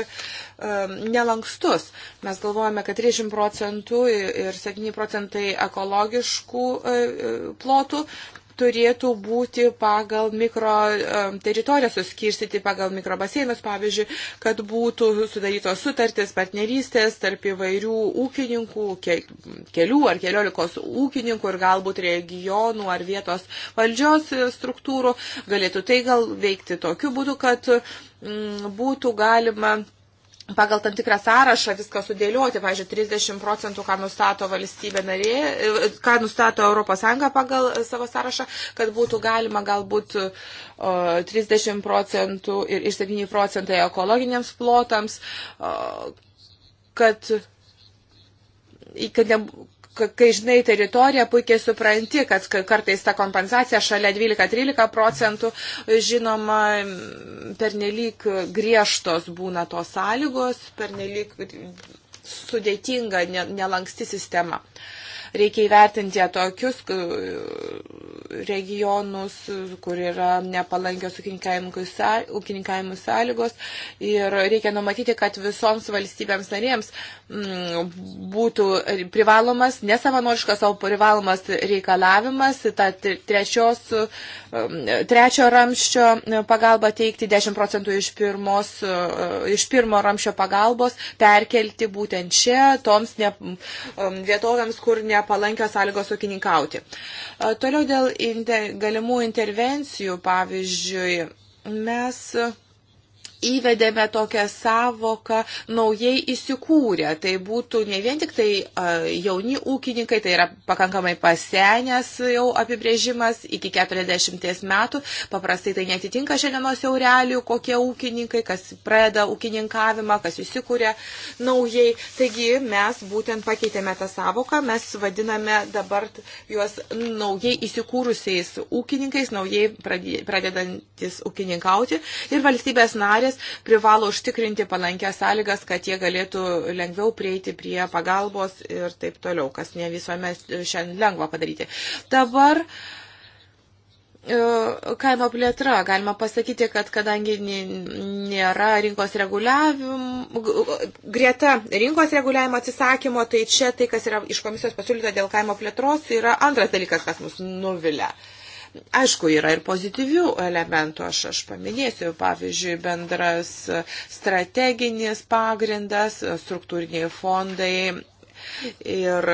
Speaker 2: nelankstus. Mes galvojame, kad 30 procentų ir 7 procentai ekologiškų uh, plotų turėtų būti pagal mikro teritoriją suskirstyti, pagal mikrobaseinus, pavyzdžiui, kad būtų sudarytos sutartis, partnerystės tarp įvairių ūkininkų, kelių ar keliolikos ūkininkų ir galbūt regionų ar vietos valdžios struktūrų. Galėtų tai gal veikti tokiu būdu, kad būtų galima pagal tam tikrą sąrašą viską sudėlioti, pavyzdžiui, 30 procentų, ką nustato valstybė narė, ką nustato ES pagal savo sąrašą, kad būtų galima galbūt 30 procentų ir 7 procentai ekologiniams plotams, kad, kad, ne, kai žinai teritoriją, puikiai supranti, kad kartais ta kompensacija šalia 12-13 procentų, žinoma, pernelyg griežtos būna tos sąlygos, pernelyg sudėtinga, nelanksti sistema. Uh, Reikia įvertinti tokius regionus, kur yra nepalankios ūkininkavimų sąlygos ir reikia numatyti, kad visoms valstybėms narėms mm, būtų privalomas, nesavanoriškas, o privalomas reikalavimas, ta trečios, mm, trečio ramščio pagalba teikti 10 procentų iš, pirmos, e, iš pirmo ramščio pagalbos, perkelti būtent čia, toms ne, mm, vietovėms, kur ne yra palankios sąlygos ūkininkauti. E, toliau dėl inter, galimų intervencijų, pavyzdžiui, mes įvedėme tokią savoką naujai įsikūrę. Tai būtų ne vien tik tai jauni ūkininkai, tai yra pakankamai pasenęs jau apibrėžimas iki 40 metų. Paprastai tai netitinka šiandienos jau realių, kokie ūkininkai, kas pradeda ūkininkavimą, kas įsikūrė naujai. Taigi mes būtent pakeitėme tą savoką, mes vadiname dabar juos naujai įsikūrusiais ūkininkais, naujai pradedantis ūkininkauti. Ir valstybės narė narės privalo užtikrinti palankias sąlygas, kad jie galėtų lengviau prieiti prie pagalbos ir taip toliau, kas ne visuomet šiandien lengva padaryti. Dabar e, kaimo plėtra. Galima pasakyti, kad kadangi nėra rinkos reguliavimo, greta rinkos reguliavimo atsisakymo, tai čia tai, kas yra iš komisijos pasiūlyta dėl kaimo plėtros, yra antras dalykas, kas mus nuvilia. Uh, Aišku, yra ir pozityvių elementų, aš, aš paminėsiu, pavyzdžiui, bendras strateginis pagrindas, struktūriniai fondai ir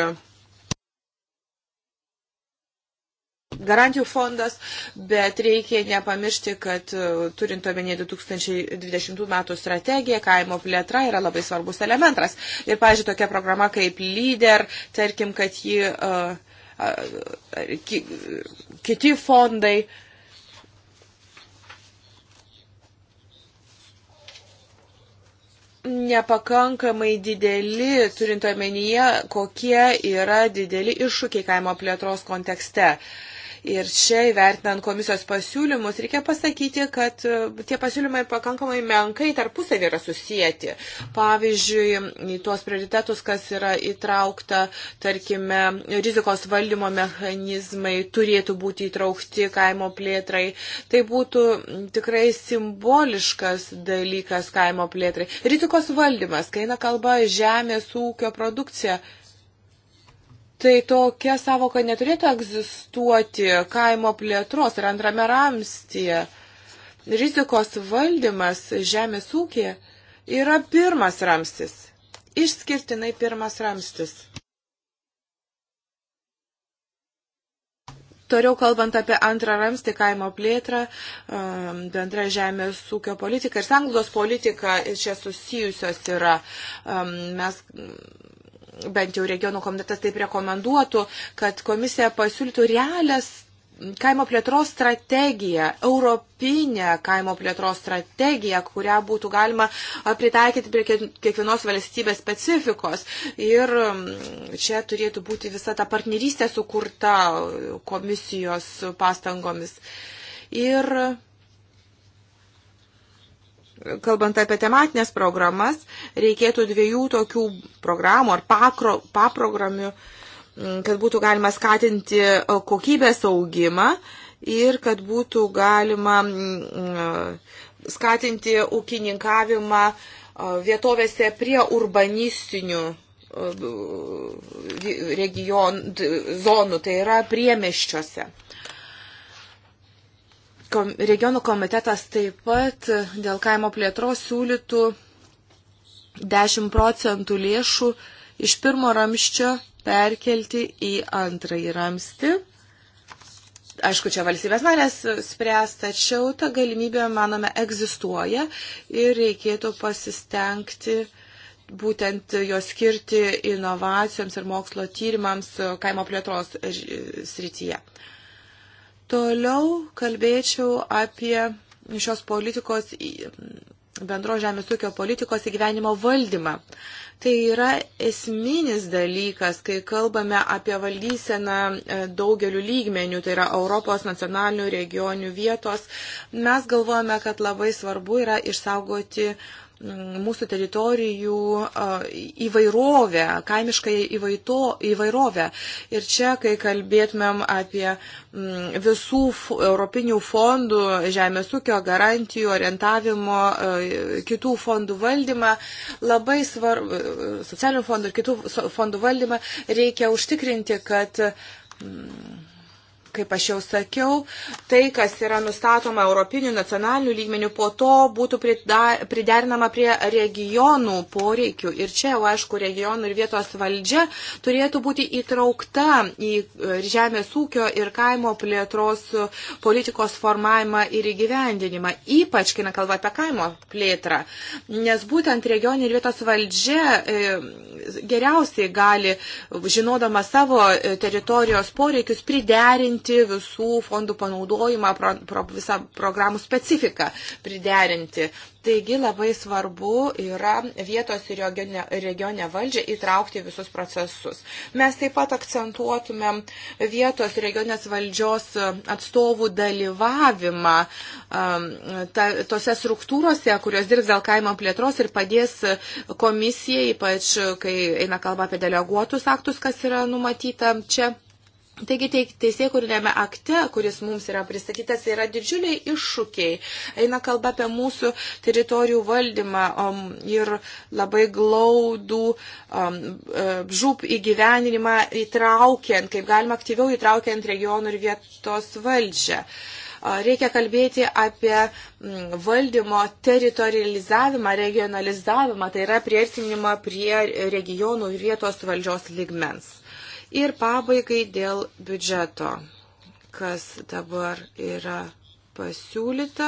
Speaker 2: garantijų fondas, bet reikia nepamiršti, kad turint omeny 2020 metų strategiją, kaimo plėtra yra labai svarbus elementas. Ir, pažiūrėjau, tokia programa kaip lyder, tarkim, kad ji uh, kiti fondai. nepakankamai dideli, turint omenyje, kokie yra dideli iššūkiai kaimo plėtros kontekste. Uh, Ir čia įvertinant komisijos pasiūlymus, reikia pasakyti, kad e, tie pasiūlymai pakankamai menkai tarpusavį yra susijęti. Pavyzdžiui, į tuos prioritetus, kas yra įtraukta, tarkime, rizikos valdymo mechanizmai turėtų būti įtraukti kaimo plėtrai. Tai būtų tikrai simboliškas dalykas kaimo plėtrai. Rizikos valdymas, kai eina kalba žemės ūkio produkcija. Tai tokia savoka neturėtų egzistuoti kaimo plėtros ir antrame ramstyje. Rizikos valdymas žemės ūkė yra pirmas ramstis. Išskirtinai pirmas ramstis. Toliau kalbant apie antrą ramstį kaimo plėtrą, um, bendra žemės ūkio politika ir sanglaudos politika čia susijusios yra. Um, mes bent jau regionų komitetas taip rekomenduotų, kad komisija pasiūlytų realias kaimo plėtros strategiją, europinę kaimo plėtros strategiją, kurią būtų galima pritaikyti prie kiekvienos valstybės specifikos. Ir mm, čia turėtų būti visa ta partnerystė sukurta komisijos pastangomis. Ir kalbant apie tematinės programas, reikėtų dviejų tokių programų ar pakro, paprogramių, mm, kad būtų galima skatinti e, kokybės augimą ir kad būtų galima mm, e, skatinti ūkininkavimą e, vietovėse prie urbanistinių region, zonų, tai yra priemeščiuose kom, regionų komitetas taip pat dėl kaimo plėtros siūlytų 10 procentų lėšų iš pirmo ramščio perkelti į antrąjį ramstį. Aišku, čia valstybės narės spręs, tačiau ta galimybė, manome, egzistuoja ir reikėtų pasistengti būtent jos skirti inovacijoms ir mokslo tyrimams kaimo plėtros srityje. Toliau kalbėčiau apie šios politikos, bendro žemės ūkio politikos įgyvenimo valdymą. Tai yra esminis dalykas, kai kalbame apie valdyseną e, daugeliu lygmenių, tai yra Europos nacionalinių regionių vietos. Mes galvojame, kad labai svarbu yra išsaugoti uh, Mm, mūsų teritorijų įvairovę, kaimišką įvairovę. Ir čia, kai kalbėtumėm apie mm, visų europinių fondų, žemės ūkio garantijų, orientavimo, kitų fondų valdymą, labai svarbu, socialinių fondų ir kitų fondų valdymą, reikia užtikrinti, kad mm, kaip aš jau sakiau, tai, kas yra nustatoma europinių nacionalinių lygmenių, po to būtų priderinama prie regionų poreikių. Ir čia jau, aišku, regionų ir vietos valdžia turėtų būti įtraukta į e, žemės ūkio ir kaimo plėtros politikos formavimą ir įgyvendinimą, ypač, kai nekalba apie kaimo plėtrą. Nes būtent regionų ir vietos valdžia e, geriausiai gali, žinodama savo e, teritorijos poreikius, priderinti apimti, visų fondų panaudojimą, pro, pro, visą programų specifiką priderinti. Taigi labai svarbu yra vietos ir regione, regione valdžia įtraukti visus procesus. Mes taip pat akcentuotumėm vietos ir regionės valdžios atstovų dalyvavimą um, ta, tose struktūrose, kurios dirbs dėl kaimo plėtros ir padės komisijai, ypač kai eina kalba apie deleguotus aktus, kas yra numatyta čia Taigi teisė kūrinėme akte, kuris mums yra pristatytas, yra didžiuliai iššūkiai. Eina kalba apie mūsų teritorijų valdymą um, ir labai glaudų um, e, žūp įgyveninimą įtraukiant, kaip galima aktyviau įtraukiant regionų ir vietos valdžią. Reikia kalbėti apie mm, valdymo teritorializavimą, regionalizavimą, tai yra priartinimą prie regionų ir vietos valdžios ligmens. Ir pabaigai dėl biudžeto, kas dabar yra pasiūlyta,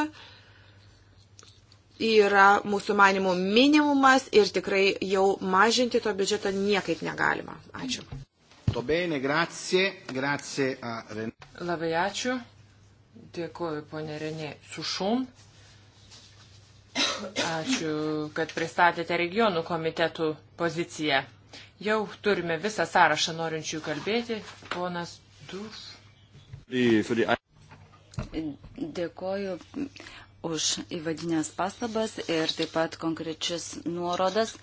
Speaker 2: yra mūsų manimų minimumas ir tikrai jau mažinti to biudžeto niekaip negalima. Ačiū.
Speaker 1: Bene, grazie, grazie a Ren...
Speaker 3: Labai ačiū. Dėkuoju, ponė Renė Sušum. Ačiū, kad pristatėte regionų komitetų poziciją. Jau turime visą sąrašą norinčių kalbėti. Ponas Duf. Dėkoju už įvadinės pastabas
Speaker 4: ir taip pat konkrečius nuorodas.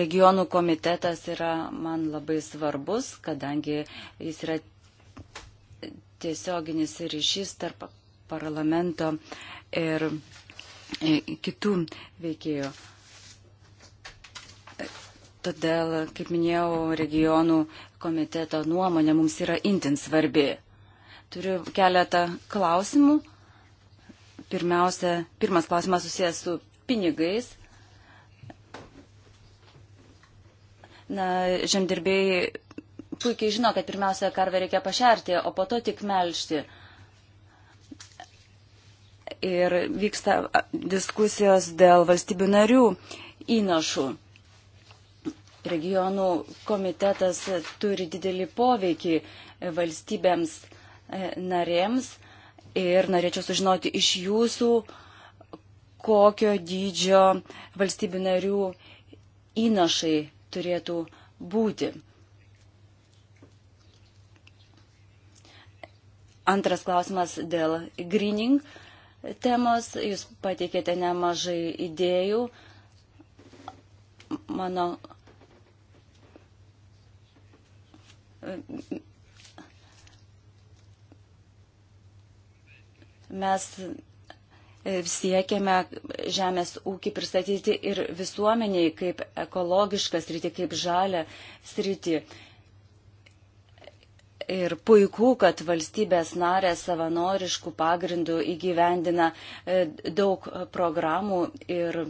Speaker 4: Regionų komitetas yra man labai svarbus, kadangi jis yra tiesioginis ryšys tarp parlamento ir kitų veikėjų. Todėl, kaip minėjau, regionų komiteto nuomonė mums yra intin svarbi. Turiu keletą klausimų. Pirmiausia, pirmas klausimas susijęs su pinigais. Na, žemdirbėjai puikiai žino, kad pirmiausia karvę reikia pašerti, o po to tik melžti. Ir vyksta diskusijos dėl valstybių narių įnašų regionų komitetas turi didelį poveikį valstybėms e, narėms ir norėčiau sužinoti iš jūsų, kokio dydžio valstybių narių įnašai turėtų būti. Antras klausimas dėl greening temos. Jūs pateikėte nemažai idėjų. Mano Mes siekiame žemės ūkį pristatyti ir visuomeniai kaip ekologišką sritį, kaip žalę sritį. Ir puiku, kad valstybės narės savanoriškų pagrindų įgyvendina e, daug programų ir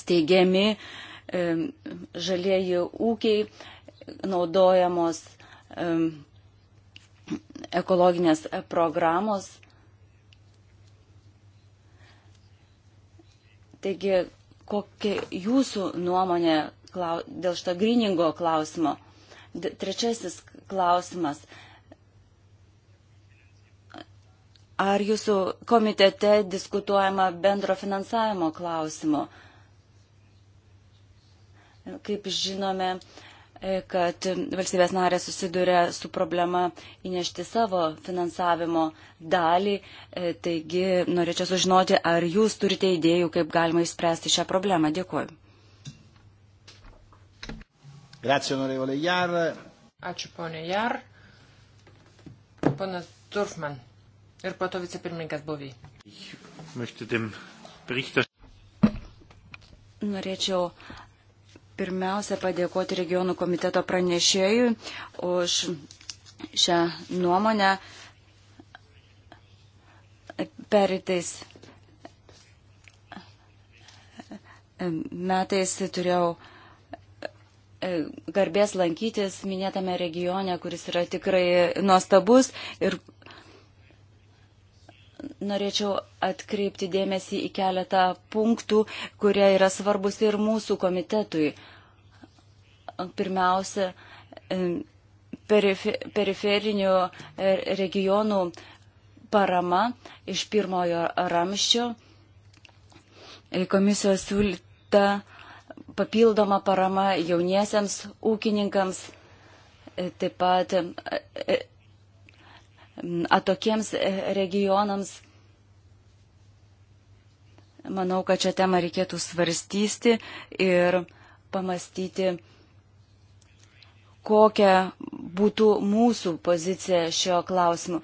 Speaker 4: steigiami e, žalieji ūkiai, naudojamos ekologinės programos. Taigi, kokia jūsų nuomonė dėl šito greeningo klausimo? Trečiasis klausimas. Ar jūsų komitete diskutuojama bendro finansavimo klausimo? Kaip žinome, uh, E, kad valstybės narė susiduria su problema įnešti savo finansavimo dalį. E, taigi norėčiau sužinoti, ar jūs turite idėjų, kaip galima įspręsti šią problemą. Dėkuoju.
Speaker 1: Grazie, onorevole Jar.
Speaker 3: Ačiū, ponė Jar. Ponas Turfman ir po to vicepirmininkas Buvy. Norėčiau pirmiausia padėkoti
Speaker 4: regionų komiteto pranešėjui už šią nuomonę pereitais metais turėjau e, garbės lankytis minėtame regione, kuris yra tikrai nuostabus ir Norėčiau atkreipti dėmesį į keletą punktų, kurie yra svarbus ir mūsų komitetui. Pirmiausia, periferinių e, regionų parama iš pirmojo ramščio. E, komisijos siūlyta papildoma parama jauniesiems ūkininkams, e, taip pat atokiems e, regionams. Manau, kad šią temą reikėtų svarstysti ir pamastyti, kokia būtų mūsų pozicija šio klausimu.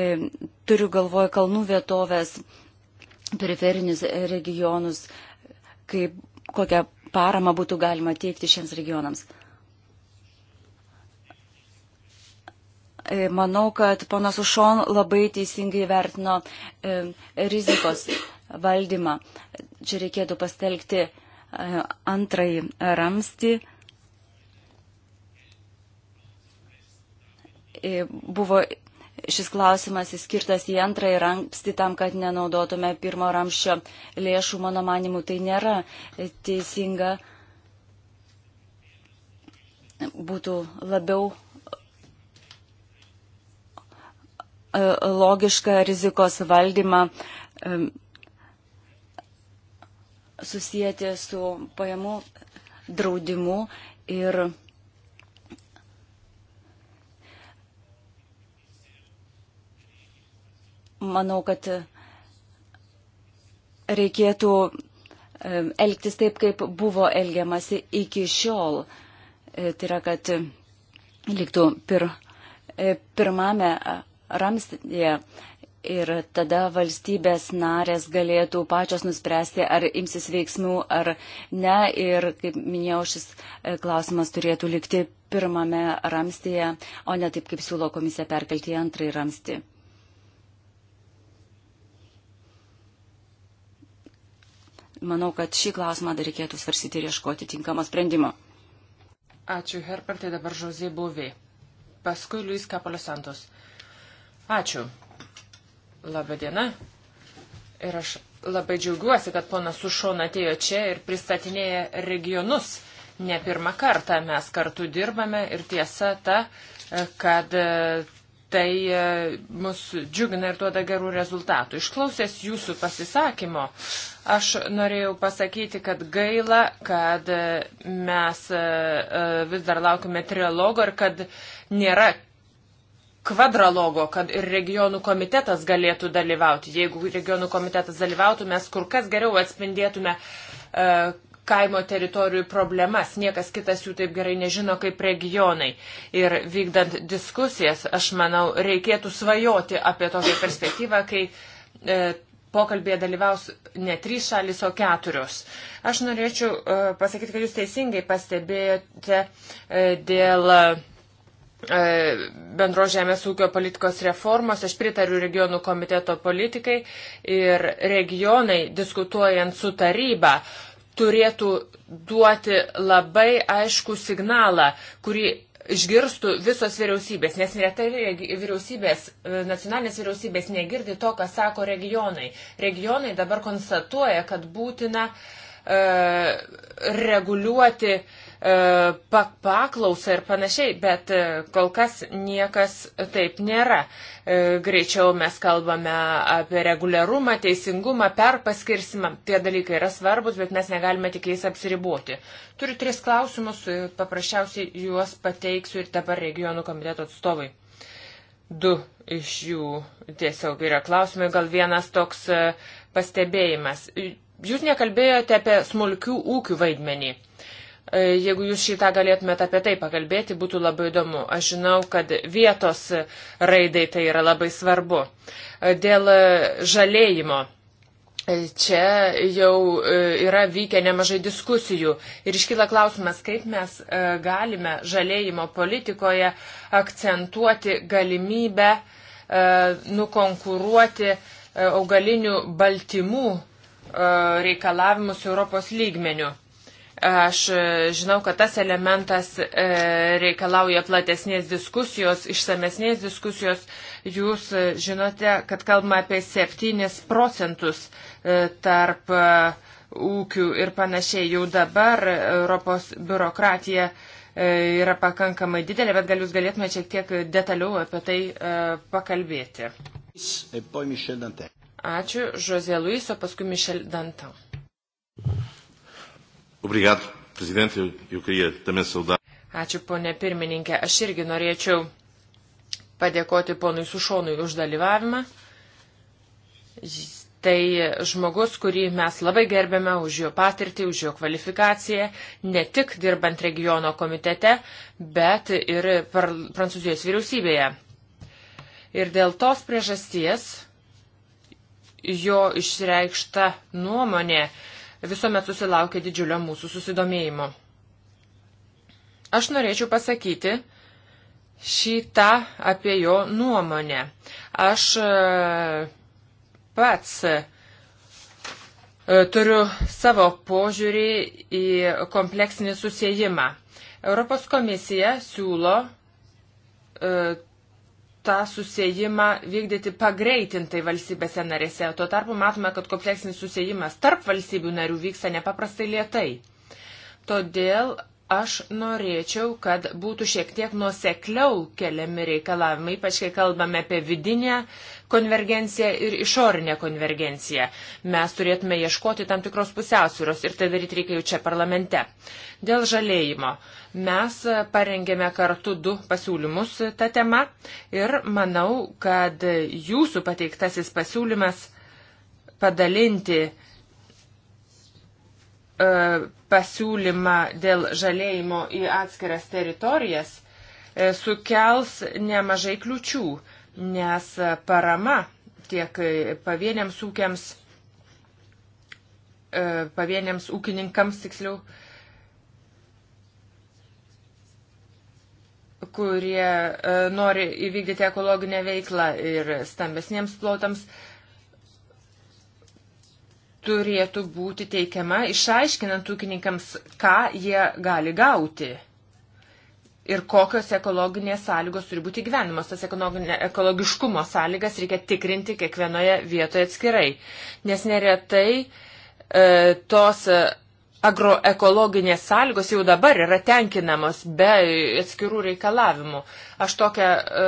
Speaker 4: E, turiu galvoje kalnų vietovės, periferinius regionus, kaip, kokią paramą būtų galima teikti šiems regionams. E, manau, kad ponas Ušon labai teisingai vertino e, rizikos valdymą. Čia reikėtų pastelgti e, antrąjį ramstį. Buvo šis klausimas įskirtas į antrąjį ramstį tam, kad nenaudotume pirmo ramščio lėšų, mano manimu, tai nėra teisinga. Būtų labiau E, logišką rizikos valdymą e, susijęti su pajamų draudimu ir manau, kad reikėtų e, elgtis taip, kaip buvo elgiamasi iki šiol. Tai yra, kad liktų pir, pirmame ramstėje ir tada valstybės narės galėtų pačios nuspręsti, ar imsis veiksmų ar ne. Ir, kaip minėjau, šis e, klausimas turėtų likti pirmame ramstėje, o ne taip, kaip siūlo komisija perkelti į antrąjį ramstį. Manau, kad šį klausimą dar reikėtų svarsyti ir ieškoti tinkamą sprendimą.
Speaker 3: Ačiū, Herpertai, dabar Žozė Bovė. Paskui Luis Kapolisantos. Santos. Ačiū. Labą dieną. Ir aš labai džiaugiuosi, kad ponas Sušon atėjo čia ir pristatinėja regionus. Ne pirmą kartą mes kartu dirbame ir tiesa ta, kad e, tai e, mus džiugina ir duoda gerų rezultatų. Išklausęs jūsų pasisakymo, aš norėjau pasakyti, kad gaila, kad e, mes vis dar laukime trialogo ir kad nėra kvadralogo, kad ir regionų komitetas galėtų dalyvauti. Jeigu regionų komitetas dalyvautų, mes kur kas geriau atspindėtume uh, kaimo teritorijų problemas. Niekas kitas jų taip gerai nežino kaip regionai. Ir vykdant diskusijas, aš manau, reikėtų svajoti apie tokią perspektyvą, kai uh, pokalbėje dalyvaus ne trys šalis, o keturios. Aš norėčiau uh, pasakyti, kad jūs teisingai pastebėjote dėl E, bendro žemės ūkio politikos reformos. Aš pritariu regionų komiteto politikai ir regionai, diskutuojant su taryba, turėtų duoti labai aišku signalą, kurį išgirstų visos vyriausybės, nes netai vyriausybės, e, nacionalinės vyriausybės negirdi to, ką sako regionai. Regionai dabar konstatuoja, kad būtina e, reguliuoti e, E, paklausą ir panašiai, bet e, kol kas niekas taip nėra. E, greičiau mes kalbame apie reguliarumą, teisingumą, perpaskirsimą. Tie dalykai yra svarbus, bet mes negalime tik jais apsiriboti. Turiu tris klausimus, paprasčiausiai juos pateiksiu ir dabar regionų komiteto atstovai. Du iš jų tiesiog yra klausimai, gal vienas toks pastebėjimas. Jūs nekalbėjote apie smulkių ūkių vaidmenį. E, jeigu jūs šitą galėtumėte apie tai pakalbėti, būtų labai įdomu. Aš žinau, kad vietos raidai tai yra labai svarbu. E, dėl e, žalėjimo. Čia jau yra vykę nemažai diskusijų ir iškyla klausimas, kaip mes galime žalėjimo politikoje akcentuoti galimybę nukonkuruoti augalinių baltymų reikalavimus Europos lygmenių. Aš e, žinau, kad tas elementas e, reikalauja platesnės diskusijos, išsamesnės diskusijos. Jūs e, žinote, kad kalbama apie 7 procentus tarp ūkių ir panašiai. Jau dabar Europos biurokratija yra pakankamai didelė, bet gal jūs galėtumėte šiek tiek detaliau apie tai pakalbėti. Ačiū, Žozė Luiso, paskui Mišel Dantan. Obrigado, prezidentė, jau kai tame sauda. Ačiū, ponė pirmininkė. Aš irgi norėčiau padėkoti ponui Sušonui už dalyvavimą. Tai žmogus, kurį mes labai gerbėme už jo patirtį, už jo kvalifikaciją, ne tik dirbant regiono komitete, bet ir Prancūzijos vyriausybėje. Ir dėl tos priežasties jo išreikšta nuomonė visuomet susilaukia didžiulio mūsų susidomėjimo. Aš norėčiau pasakyti šitą apie jo nuomonę. Aš e, pats e, turiu savo požiūrį į kompleksinį susijimą. Europos komisija siūlo e, tą susijimą vykdyti pagreitintai valstybėse narėse. Tuo tarpu matome, kad kompleksinis susijimas tarp valstybių narių vyksta nepaprastai lietai. Todėl aš norėčiau, kad būtų šiek tiek nuosekliau keliami reikalavimai, ypač kai kalbame apie vidinę konvergenciją ir išorinę konvergenciją. Mes turėtume ieškoti tam tikros pusiausvyros ir tai daryti reikia jau čia parlamente. Dėl žalėjimo. Uh, Mes parengėme kartu du pasiūlymus tą temą ir manau, kad jūsų pateiktasis pasiūlymas padalinti e, pasiūlymą dėl žalėjimo į atskiras teritorijas e, sukels nemažai kliučių, nes parama tiek pavieniams ūkiams, e, pavieniams ūkininkams tiksliau, kurie e, nori įvykdyti ekologinę veiklą ir stambesniems plotams, turėtų būti teikiama išaiškinant ūkininkams, ką jie gali gauti ir kokios ekologinės sąlygos turi būti gyvenimas. Tas ekologiškumo sąlygas reikia tikrinti kiekvienoje vietoje atskirai, nes neretai e, tos agroekologinės sąlygos jau dabar yra tenkinamos be atskirų reikalavimų. Aš tokią e,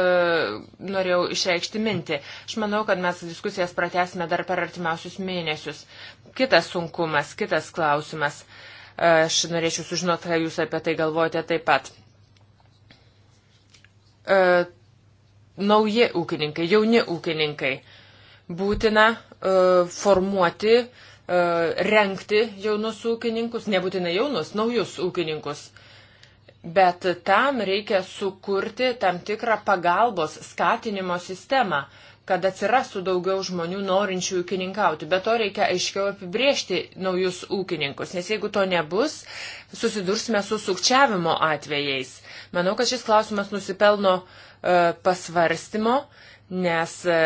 Speaker 3: norėjau išreikšti mintį. Aš manau, kad mes diskusijas pratesime dar per artimiausius mėnesius. Kitas sunkumas, kitas klausimas. E, aš norėčiau sužinoti, ką jūs apie tai galvojate taip pat. E, nauji ūkininkai, jauni ūkininkai. Būtina e, formuoti e, E, renkti jaunus ūkininkus, nebūtinai jaunus, naujus ūkininkus. Bet tam reikia sukurti tam tikrą pagalbos skatinimo sistemą, kad atsirastų daugiau žmonių norinčių ūkininkauti. Bet to reikia aiškiau apibriežti naujus ūkininkus, nes jeigu to nebus, susidursime su sukčiavimo atvejais. Manau, kad šis klausimas nusipelno e, pasvarstimo, nes. E,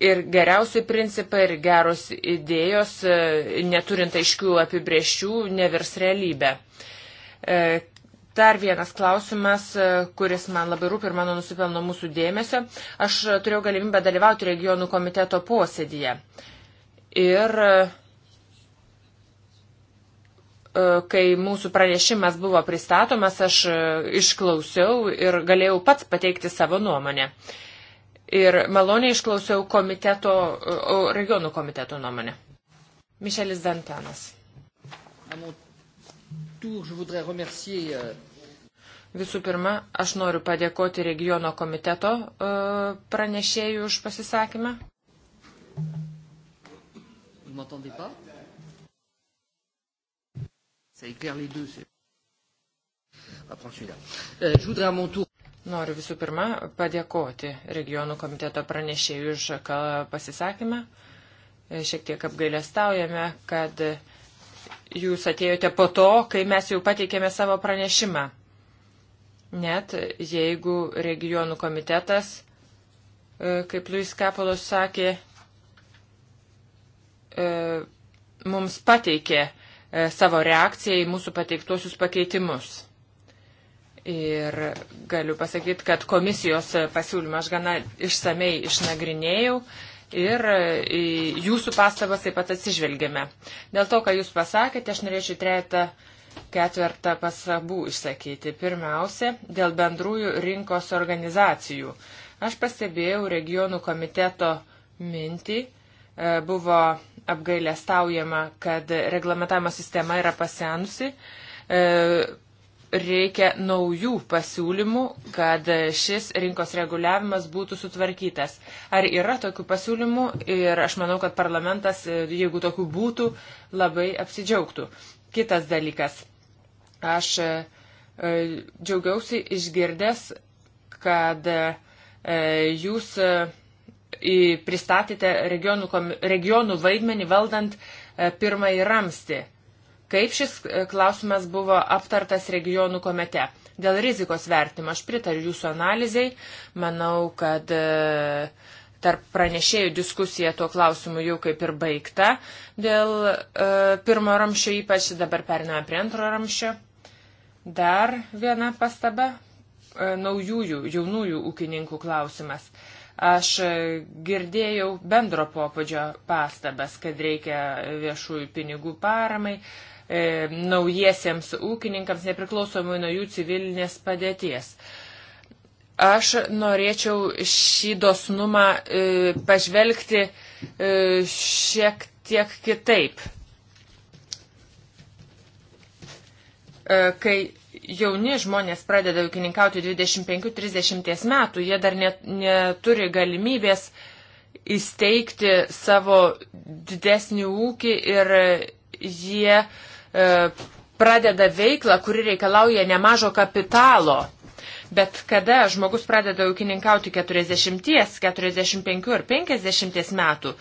Speaker 3: ir geriausi principai, ir geros idėjos, e, neturint aiškių apibrieščių, nevirs realybę. E, dar vienas klausimas, e, kuris man labai rūpi ir mano nusipelno mūsų dėmesio. Aš turėjau galimybę dalyvauti regionų komiteto posėdėje. Ir kai mūsų pranešimas buvo pristatomas, aš išklausiau ir galėjau pats pateikti savo nuomonę. Uh, Ir maloniai išklausiau komiteto, regionų komiteto nuomonę. Mišelis Dantanas. Euh, Visų pirma, aš noriu padėkoti regiono komiteto e, pranešėjų už pasisakymą.
Speaker 1: Ça éclaire les deux. C'est...
Speaker 3: Apprends ah, celui-là. Euh, je voudrais à mon tour Noriu visų pirma padėkoti regionų komiteto pranešėjų už pasisakymą. E, šiek tiek apgailestaujame, kad jūs atėjote po to, kai mes jau pateikėme savo pranešimą. Net jeigu regionų komitetas, e, kaip Luis Kapolos sakė, e, mums pateikė savo reakciją į mūsų pateiktuosius pakeitimus. Ir galiu pasakyti, kad komisijos pasiūlymą aš gana išsamei išnagrinėjau ir jūsų pastabas taip pat atsižvelgėme. Dėl to, ką jūs pasakėte, aš norėčiau trejata ketvirtą pasabų išsakyti. Pirmiausia, dėl bendrųjų rinkos organizacijų. Aš pastebėjau regionų komiteto mintį, e, buvo apgailestaujama, kad reglamentavimo sistema yra pasenusi e, reikia naujų pasiūlymų, kad šis rinkos reguliavimas būtų sutvarkytas. Ar yra tokių pasiūlymų ir aš manau, kad parlamentas, jeigu tokių būtų, labai apsidžiaugtų. Kitas dalykas. Aš e, džiaugiausi išgirdęs, kad e, jūs e, pristatėte regionų, regionų vaidmenį valdant pirmąjį ramstį Kaip šis e, klausimas buvo aptartas regionų komite? Dėl rizikos vertimo aš pritariu jūsų analizai. Manau, kad e, tarp pranešėjų diskusija tuo klausimu jau kaip ir baigta. Dėl e, pirmo ramščio ypač dabar periname prie antro ramščio. Dar viena pastaba e, - naujųjų, jaunųjų ūkininkų klausimas. Aš e, girdėjau bendro popodžio pastabas, kad reikia viešųjų pinigų paramai, e, naujiesiems ūkininkams nepriklausomai nuo jų civilinės padėties. Aš norėčiau šį dosnumą e, pažvelgti e, šiek tiek kitaip. E, kai jauni žmonės pradeda ūkininkauti 25-30 metų, jie dar net, neturi galimybės įsteigti savo didesnį ūkį ir jie E, pradeda veiklą, kuri reikalauja nemažo kapitalo. Bet kada žmogus pradeda ūkininkauti 40, 45 ar 50 metų,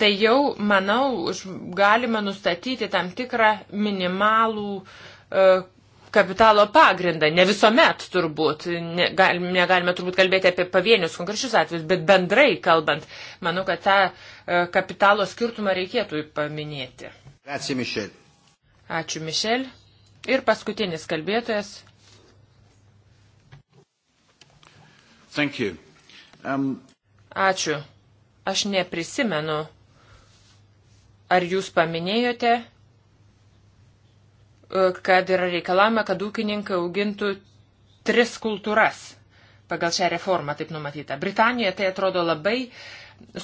Speaker 3: tai jau, manau, galima nustatyti tam tikrą minimalų e, kapitalo pagrindą. Ne visuomet turbūt, negalime, negalime turbūt kalbėti apie pavienius konkrečius atvejus, bet bendrai kalbant, manau, kad tą e, kapitalo skirtumą reikėtų paminėti.
Speaker 1: Grazie, Mišel.
Speaker 3: Ačiū, Mišel. Ir paskutinis kalbėtojas.
Speaker 1: Thank you. Um...
Speaker 3: Ačiū. Aš neprisimenu, ar jūs paminėjote, e, kad yra reikalama, kad ūkininkai augintų tris kultūras pagal šią reformą, taip numatyta. Britanijoje tai atrodo labai uh,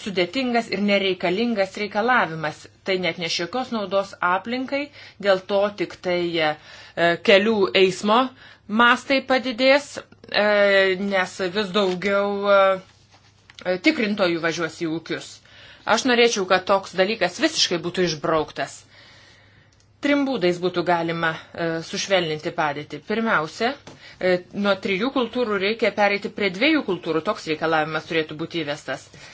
Speaker 3: sudėtingas ir nereikalingas reikalavimas. Tai net neš jokios naudos aplinkai, dėl to tik tai e, kelių eismo mastai padidės, e, nes vis daugiau e, tikrintojų važiuos į ūkius. Aš norėčiau, kad toks dalykas visiškai būtų išbrauktas. Trim būdais būtų galima e, sušvelninti padėtį. Pirmiausia, e, nuo trijų kultūrų reikia pereiti prie dviejų kultūrų. Toks reikalavimas turėtų būti įvestas. E,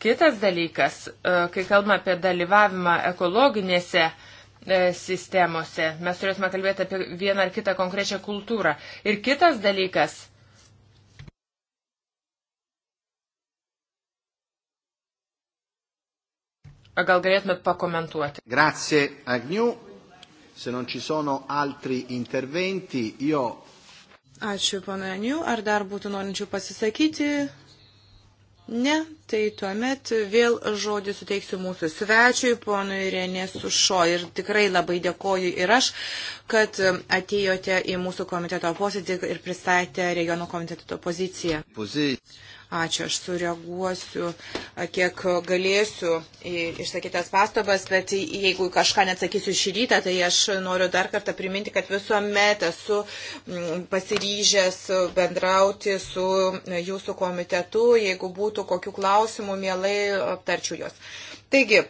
Speaker 3: Kitas dalykas, kai kalbame apie dalyvavimą ekologinėse e, sistemose, mes turėtume kalbėti apie vieną ar kitą konkrečią kultūrą. Ir kitas dalykas, gal galėtumėt pakomentuoti.
Speaker 1: Grazie, Agniu. Se non ci sono altri interventi, io.
Speaker 2: Ačiū, pana Agniu. Ar dar būtų norinčių pasisakyti? Ne, tai tuomet vėl žodį suteiksiu mūsų svečiui, ponui Renės Sušo. Ir tikrai labai dėkoju ir aš, kad atėjote į mūsų komiteto posėdį ir pristatė regiono komiteto poziciją. Poziciją. Ačiū, aš sureaguosiu, kiek galėsiu išsakytas pastabas, bet jeigu kažką neatsakysiu šį rytą, tai aš noriu dar kartą priminti, kad visuomet esu mm, pasiryžęs bendrauti su jūsų komitetu, jeigu būtų kokių klausimų, mielai aptarčiau juos. Taigi,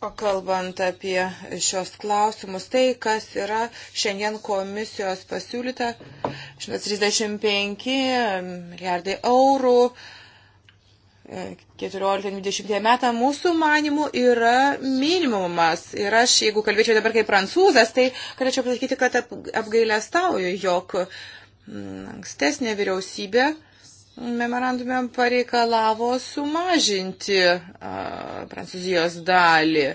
Speaker 2: O kalbant apie šios klausimus, tai kas yra šiandien komisijos pasiūlyta, 135 milijardai eurų 14-20 e, metą mūsų manimų yra minimumas. Ir aš, jeigu kalbėčiau dabar kaip prancūzas, tai galėčiau pasakyti, kad apgailę stauju, jog mm, ankstesnė vyriausybė memorandume pareikalavo sumažinti a, prancūzijos dalį.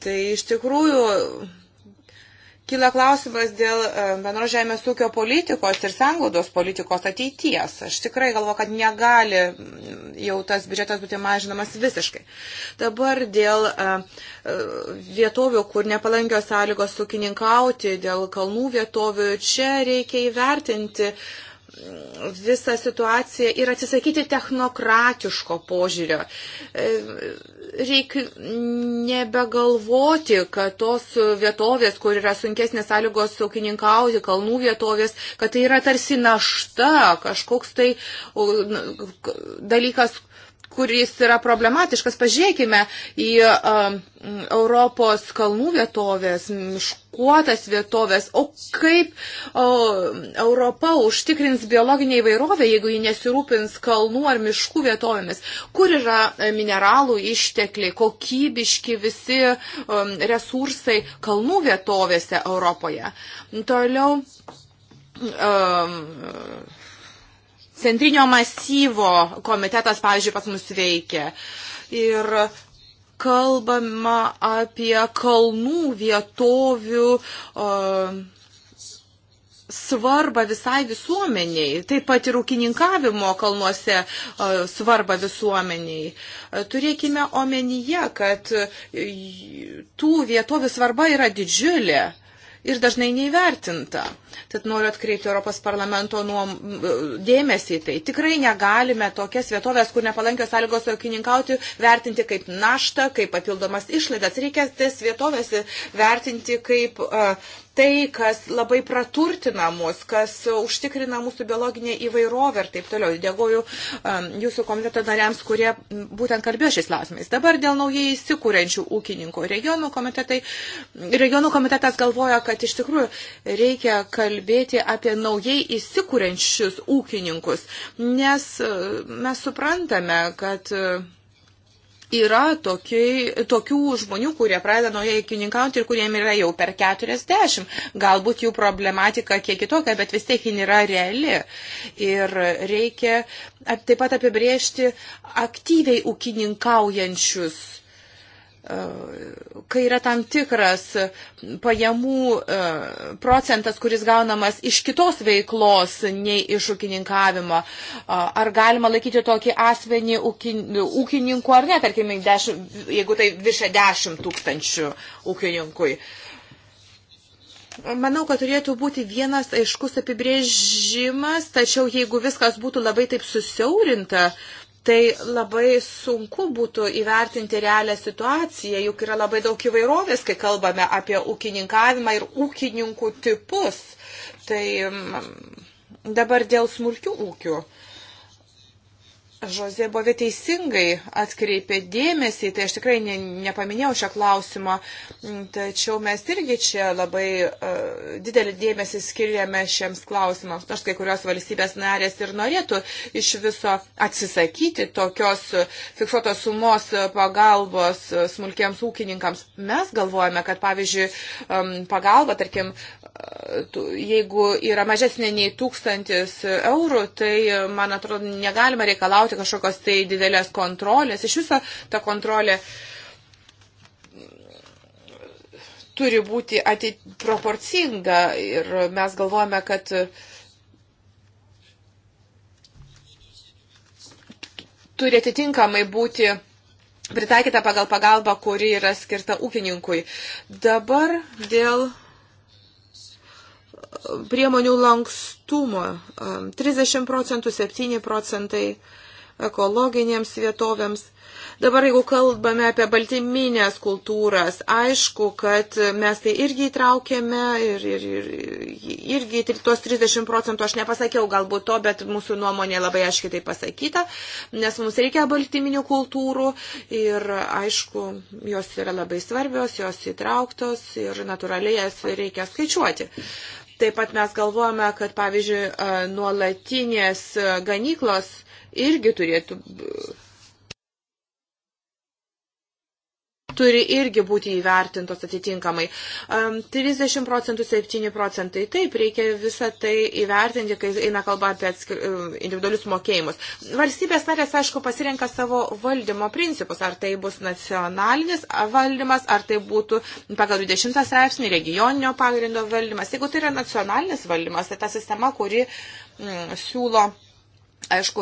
Speaker 2: Tai iš tikrųjų Kila klausimas dėl e, bendro žemės ūkio politikos ir sanglaudos politikos ateities. Aš tikrai galvoju, kad negali mm, jau tas biudžetas būti mažinamas visiškai. Dabar dėl e, e, vietovių, kur nepalankios sąlygos sukininkauti, dėl kalnų vietovių, čia reikia įvertinti uh, visą situaciją ir atsisakyti technokratiško požiūrio. E, Reikia nebegalvoti, kad tos vietovės, kur yra sunkesnės sąlygos saukininkauti, kalnų vietovės, kad tai yra tarsi našta, kažkoks tai dalykas, kuris yra problematiškas. Pažiūrėkime į um, Europos kalnų vietovės, miškuotas vietovės, o kaip o, Europa užtikrins biologinę įvairovę, jeigu ji nesirūpins kalnų ar miškų vietovėmis, kur yra e, mineralų ištekliai, kokybiški visi um, resursai kalnų vietovėse Europoje. Toliau. Um, Centrinio masyvo komitetas, pavyzdžiui, pas mus veikia. Ir kalbama apie kalnų vietovių o, svarbą visai visuomeniai, taip pat ir ūkininkavimo kalnuose o, svarbą visuomeniai. Turėkime omenyje, kad tų vietovių svarba yra didžiulė ir dažnai neįvertinta. Tad noriu atkreipti Europos parlamento nuom, dėmesį į tai. Tikrai negalime tokias vietovės, kur nepalankios sąlygos ūkininkauti, vertinti kaip naštą, kaip papildomas išlaidas. Reikia tas vietovės vertinti kaip uh, tai, kas labai praturtina mus, kas užtikrina mūsų biologinę įvairovę ir taip toliau. Dėkoju um, jūsų komiteto nariams, kurie būtent kalbėjo šiais klausimais. Dabar dėl naujai įsikūrenčių ūkininkų. Regionų, regionų komitetas galvoja, kad iš tikrųjų reikia kalbėti apie naujai įsikūrenčius ūkininkus, nes uh, mes suprantame, kad uh, yra tokiai, tokių žmonių, kurie pradeda naujai ūkininkauti ir kuriem yra jau per 40. Galbūt jų problematika kiek kitokia, bet vis tiek jin yra reali. Ir reikia taip pat apibriežti aktyviai ūkininkaujančius kai yra tam tikras pajamų e, procentas, kuris gaunamas iš kitos veiklos, nei iš ūkininkavimo. Ar galima laikyti tokį asmenį ūkininku ar ne, tarkim, dešimt, jeigu tai viršia 10 tūkstančių ūkininkui. Manau, kad turėtų būti vienas aiškus apibrėžimas, tačiau jeigu viskas būtų labai taip susiaurinta, tai labai sunku būtų įvertinti realią situaciją, juk yra labai daug įvairovės, kai kalbame apie ūkininkavimą ir ūkininkų tipus. Tai mm, dabar dėl smulkių ūkių. Žozė Bovė teisingai atkreipė dėmesį, tai aš tikrai ne, nepaminėjau šio klausimo, tačiau mes irgi čia labai uh, didelį dėmesį skiriame šiems klausimams, nors kai kurios valstybės narės ir norėtų iš viso atsisakyti tokios fiksuotos sumos pagalbos smulkiems ūkininkams. Mes galvojame, kad pavyzdžiui um, pagalba, tarkim, e, jeigu yra mažesnė nei tūkstantis eurų, tai man atrodo negalima reikalauti reikalauti kažkokios tai didelės kontrolės. Iš viso ta kontrolė turi būti atit, proporcinga ir mes galvojame, kad turi atitinkamai būti pritaikyta pagal pagalbą, kuri yra skirta ūkininkui. Dabar dėl priemonių lankstumo 30 procentų, 7 procentai ekologinėms vietovėms. Dabar, jeigu kalbame apie baltyminės kultūras, aišku, kad mes tai irgi įtraukėme ir, ir, ir irgi tuos 30 procentų, aš nepasakiau galbūt to, bet mūsų nuomonė labai aiškiai tai pasakyta, nes mums reikia baltyminių kultūrų ir, aišku, jos yra labai svarbios, jos įtrauktos ir natūraliai jas reikia skaičiuoti. Taip pat mes galvojame, kad, pavyzdžiui, nuolatinės ganyklos, irgi turėtų turi irgi būti įvertintos atitinkamai. 30 procentų, 7 procentai. Taip, reikia visą tai įvertinti, kai eina kalba apie individualius mokėjimus. Valstybės narės, aišku, pasirenka savo valdymo principus. Ar tai bus nacionalinis valdymas, ar tai būtų pagal 20 straipsnį regioninio pagrindo valdymas. Jeigu tai yra nacionalinis valdymas, tai ta sistema, kuri mm, siūlo aišku,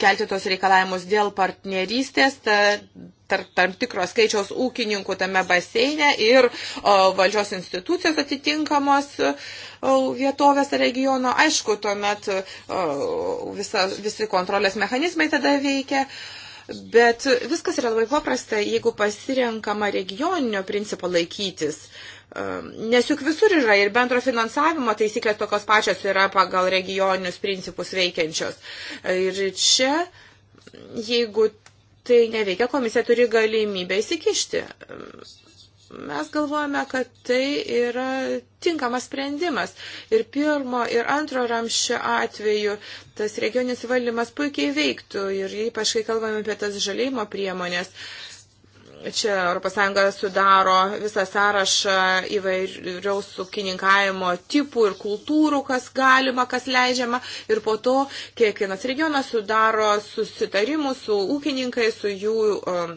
Speaker 2: kelti tos reikalavimus dėl partnerystės tarp tam tikro skaičiaus ūkininkų tame baseine ir o, valdžios institucijos atitinkamos o, vietovės regiono. Aišku, tuomet o, visa, visi kontrolės mechanizmai tada veikia. Bet viskas yra labai paprasta, jeigu pasirenkama regioninio principo laikytis. Uh, Ehm, nes juk visur yra ir bendro finansavimo taisyklės tokios pačios yra pagal regioninius principus veikiančios. E, ir čia, jeigu tai neveikia, komisija turi galimybę įsikišti. Ehm, mes galvojame, kad tai yra tinkamas sprendimas. Ir pirmo, ir antro ramščio atveju tas regioninis valdymas puikiai veiktų. Ir ypač, kai kalbame apie tas žalėjimo priemonės, uh, Čia ES sudaro visą sąrašą įvairiaus sukininkavimo tipų ir kultūrų, kas galima, kas leidžiama. Ir po to kiekvienas regionas sudaro susitarimų su ūkininkai, su jų um,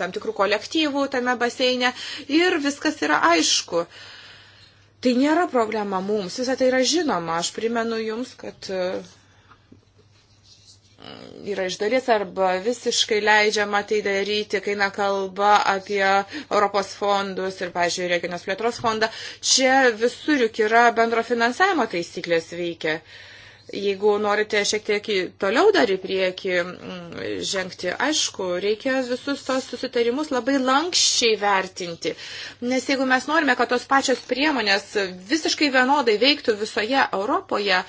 Speaker 2: tam tikrų kolektyvų tame baseine. Ir viskas yra aišku. Tai nėra problema mums, visą tai yra žinoma. Aš primenu jums, kad. Uh, yra iš dalies arba visiškai leidžiama tai daryti, kai na kalba apie Europos fondus ir, pažiūrėjau, regionos plėtros fondą. Čia visur juk yra bendro finansavimo taisyklės veikia. Jeigu norite šiek tiek toliau dar į priekį mm, žengti, aišku, reikia visus tos susitarimus labai lankščiai vertinti. Nes jeigu mes norime, kad tos pačios priemonės visiškai vienodai veiktų visoje Europoje,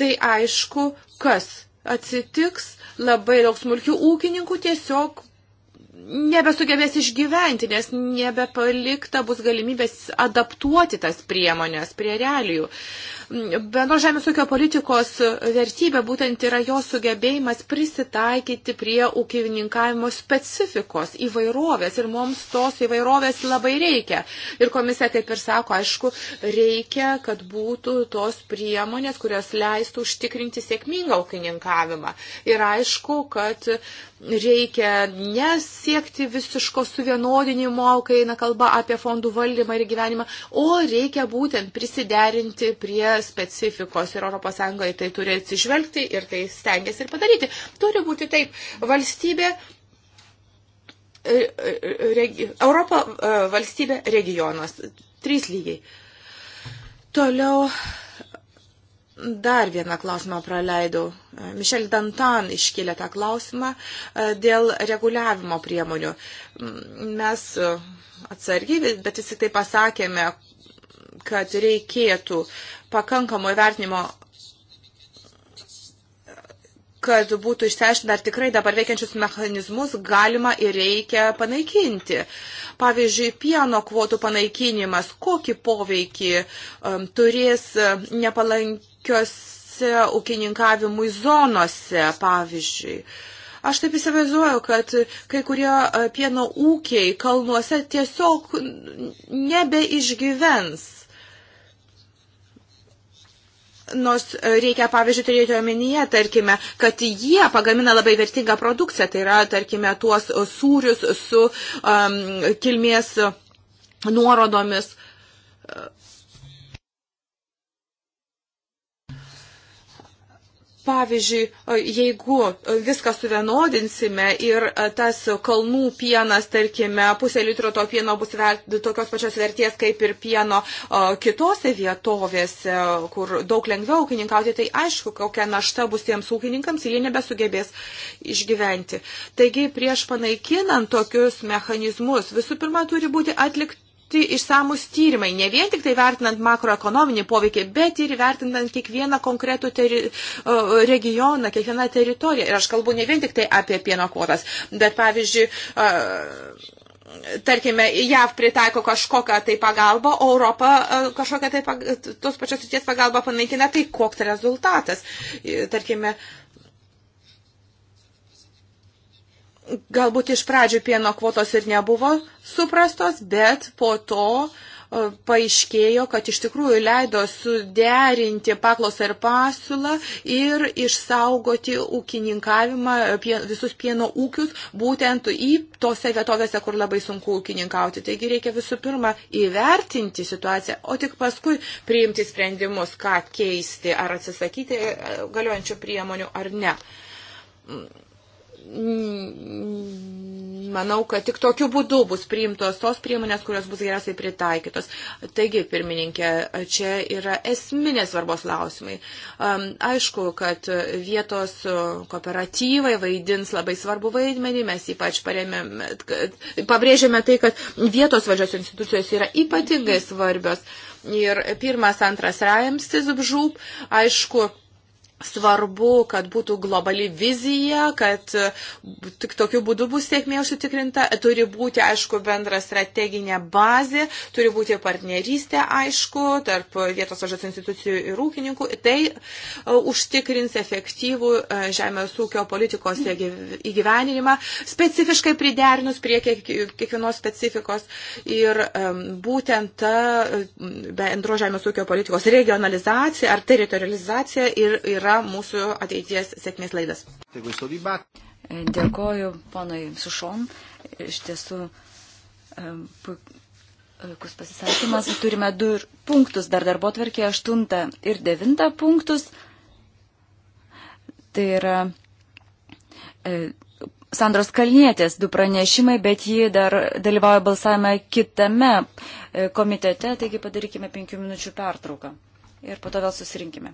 Speaker 2: tai aišku, kas atsitiks, labai daug smulkių ūkininkų tiesiog nebesugebės išgyventi, nes nebepalikta bus galimybės adaptuoti tas priemonės prie realijų. Bendro žemės ūkio politikos vertybė būtent yra jo sugebėjimas prisitaikyti prie ūkininkavimo specifikos įvairovės ir mums tos įvairovės labai reikia. Ir komisija taip ir sako, aišku, reikia, kad būtų tos priemonės, kurios leistų užtikrinti sėkmingą ūkininkavimą. Ir aišku, kad reikia nesiekti siekti visiško suvienodinimo, kai eina kalba apie fondų valdymą ir gyvenimą, o reikia būtent prisiderinti prie specifikos ir ES tai turi atsižvelgti ir tai stengiasi ir padaryti. Turi būti taip, valstybė e, e, regi, Europa e, valstybė regionas. Trys lygiai. Toliau Dar vieną klausimą praleidau. Mišel Dantan iškėlė tą klausimą e, dėl reguliavimo priemonių. Mes e, atsargiai, bet vis tik tai pasakėme, kad reikėtų pakankamo įvertinimo kad būtų išsiaiškinta, ar tikrai dabar veikiančius mechanizmus galima ir reikia panaikinti. Pavyzdžiui, pieno kvotų panaikinimas, kokį poveikį um, turės nepalankį kokiuose ūkininkavimui zonose, pavyzdžiui. Aš taip įsivaizduoju, kad kai kurie e, pieno ūkiai kalnuose tiesiog nebeišgyvens. Nors e, reikia, pavyzdžiui, turėti omenyje, tarkime, kad jie pagamina labai vertingą produkciją, tai yra, tarkime, tuos sūrius su um, kilmės nuorodomis. Uh, Pavyzdžiui, jeigu viską suvienodinsime ir tas kalnų pienas, tarkime, pusė litro to pieno bus vert, tokios pačios vertės kaip ir pieno kitose vietovėse, kur daug lengviau ūkininkauti, tai aišku, kokia našta bus tiems ūkininkams ir jie nebesugebės išgyventi. Taigi, prieš panaikinant tokius mechanizmus, visų pirma, turi būti atlikti atlikti išsamus tyrimai, ne vien tik tai vertinant makroekonominį poveikį, bet ir vertinant kiekvieną konkretų teri, regioną, kiekvieną teritoriją. Ir aš kalbu ne vien tik tai apie pieno kvotas, bet pavyzdžiui, tarkime, JAV pritaiko kažkokią tai pagalbą, Europa kažkokią tai tos pačios ryties pagalbą panaikina, tai koks rezultatas. Tarkime, uh, galbūt iš pradžių pieno kvotos ir nebuvo suprastos, bet po to e, paaiškėjo, kad iš tikrųjų leido suderinti paklausą ir pasiūlą ir išsaugoti ūkininkavimą, e, visus pieno ūkius, būtent į tose vietovėse, kur labai sunku ūkininkauti. Taigi reikia visų pirma įvertinti situaciją, o tik paskui priimti sprendimus, ką keisti, ar atsisakyti e, galiojančių priemonių ar ne mm manau, kad tik tokiu būdu bus priimtos tos priemonės, kurios bus geriausiai pritaikytos. Taigi, pirmininkė, čia yra esminės svarbos klausimai. Aišku, kad vietos kooperatyvai vaidins labai svarbu vaidmenį, mes ypač paremėme, pabrėžėme tai, kad vietos valdžios institucijos yra ypatingai svarbios. Ir pirmas, antras remstis žūb, aišku, svarbu, kad būtų globali vizija, kad tik tokiu būdu bus sėkmė užsitikrinta, turi būti, aišku, bendra strateginė bazė, turi būti partnerystė, aišku, tarp vietos valdžios institucijų ir ūkininkų. Tai e, užtikrins efektyvų e, žemės ūkio politikos įgyveninimą, specifiškai priderinus prie kiekvienos specifikos ir e, būtent ta bendro žemės ūkio politikos regionalizacija ar teritorializacija ir yra yra mūsų ateities sėkmės laidas. Dėkoju ponui
Speaker 4: Sušon. Iš tiesų, e, e, puikus pasisakymas. Turime du punktus dar darbo tvarkė, aštuntą ir devintą punktus. Tai yra e, Sandros Kalnietės du pranešimai, bet ji dar dalyvauja balsavime kitame e, komitete, taigi padarykime penkių minučių pertrauką ir po to vėl susirinkime.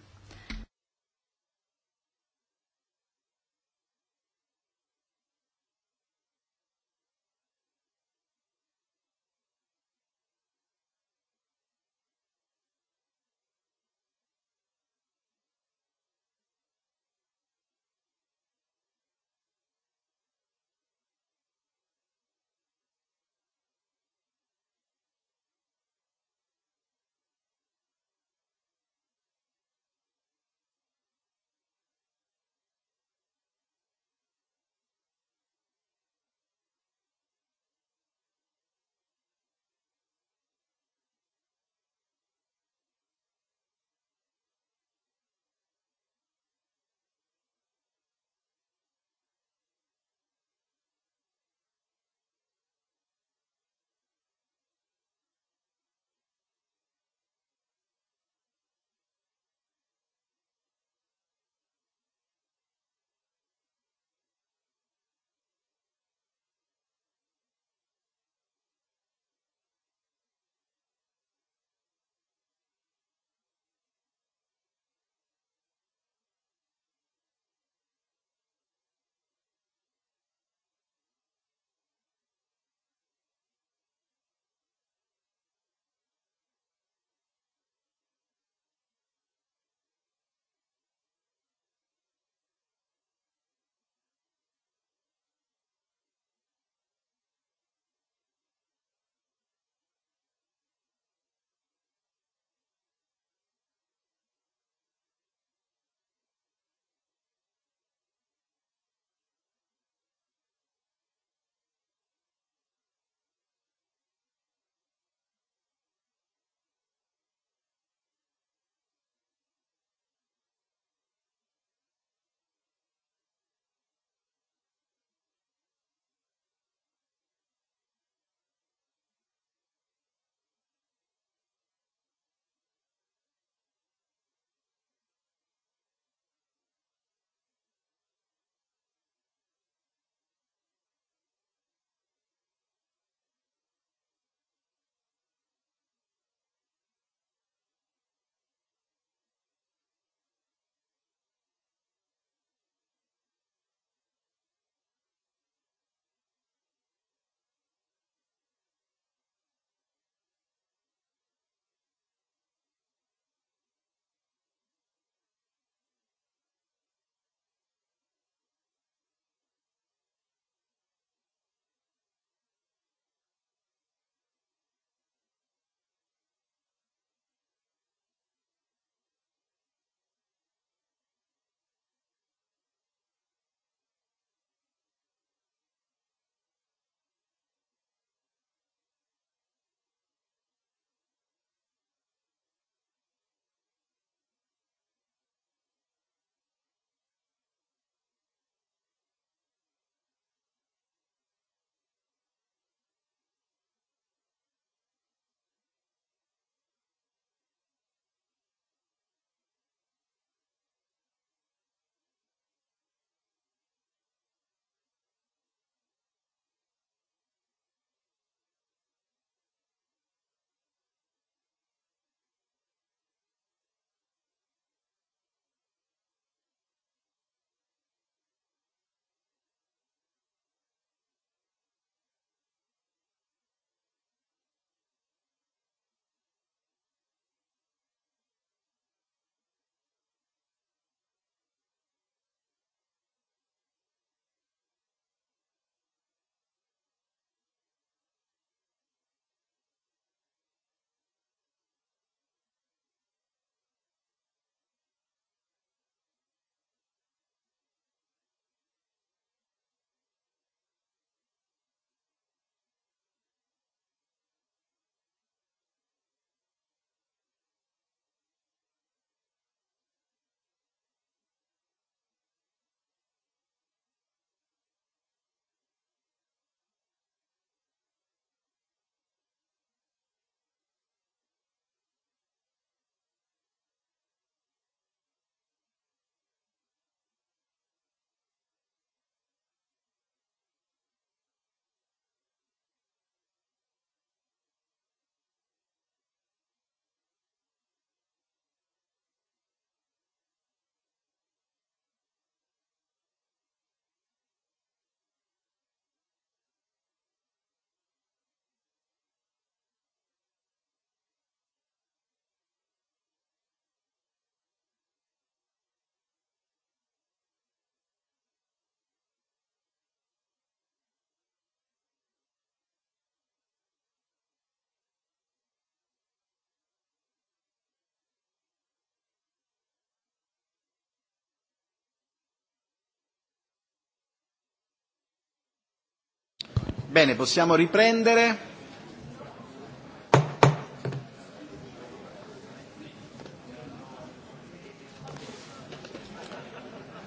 Speaker 1: Bene, possiamo riprendere.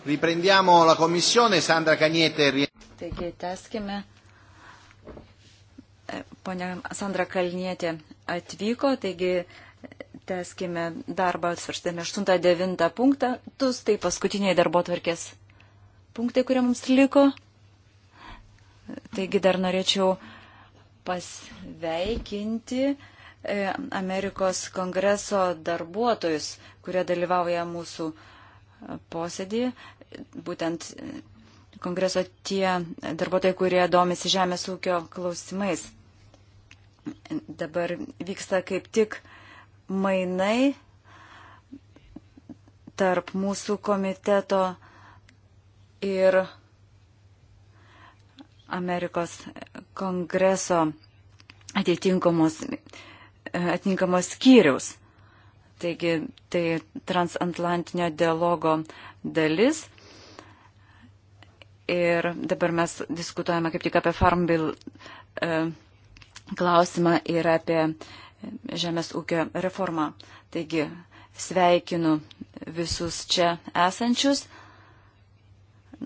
Speaker 1: Riprendiamo la commissione, Sandra Cagnete.
Speaker 4: Taigi, teskime. E, Pone Sandra Kalnietė atvyko, taigi teskime darbą, svarstėme 8-9 punktą, tai paskutiniai darbo tvarkės punktai, kurie mums liko. Taigi dar norėčiau pasveikinti e, Amerikos kongreso darbuotojus, kurie dalyvauja mūsų e, posėdį. Būtent e, kongreso tie darbuotojai, kurie domisi žemės ūkio klausimais. Dabar vyksta kaip tik mainai tarp mūsų komiteto ir Amerikos kongreso atitinkamos, atitinkamos skyriaus. Taigi tai transatlantinio dialogo dalis. Ir dabar mes diskutuojame kaip tik apie Farm Bill e, klausimą ir apie žemės ūkio reformą. Taigi sveikinu visus čia esančius.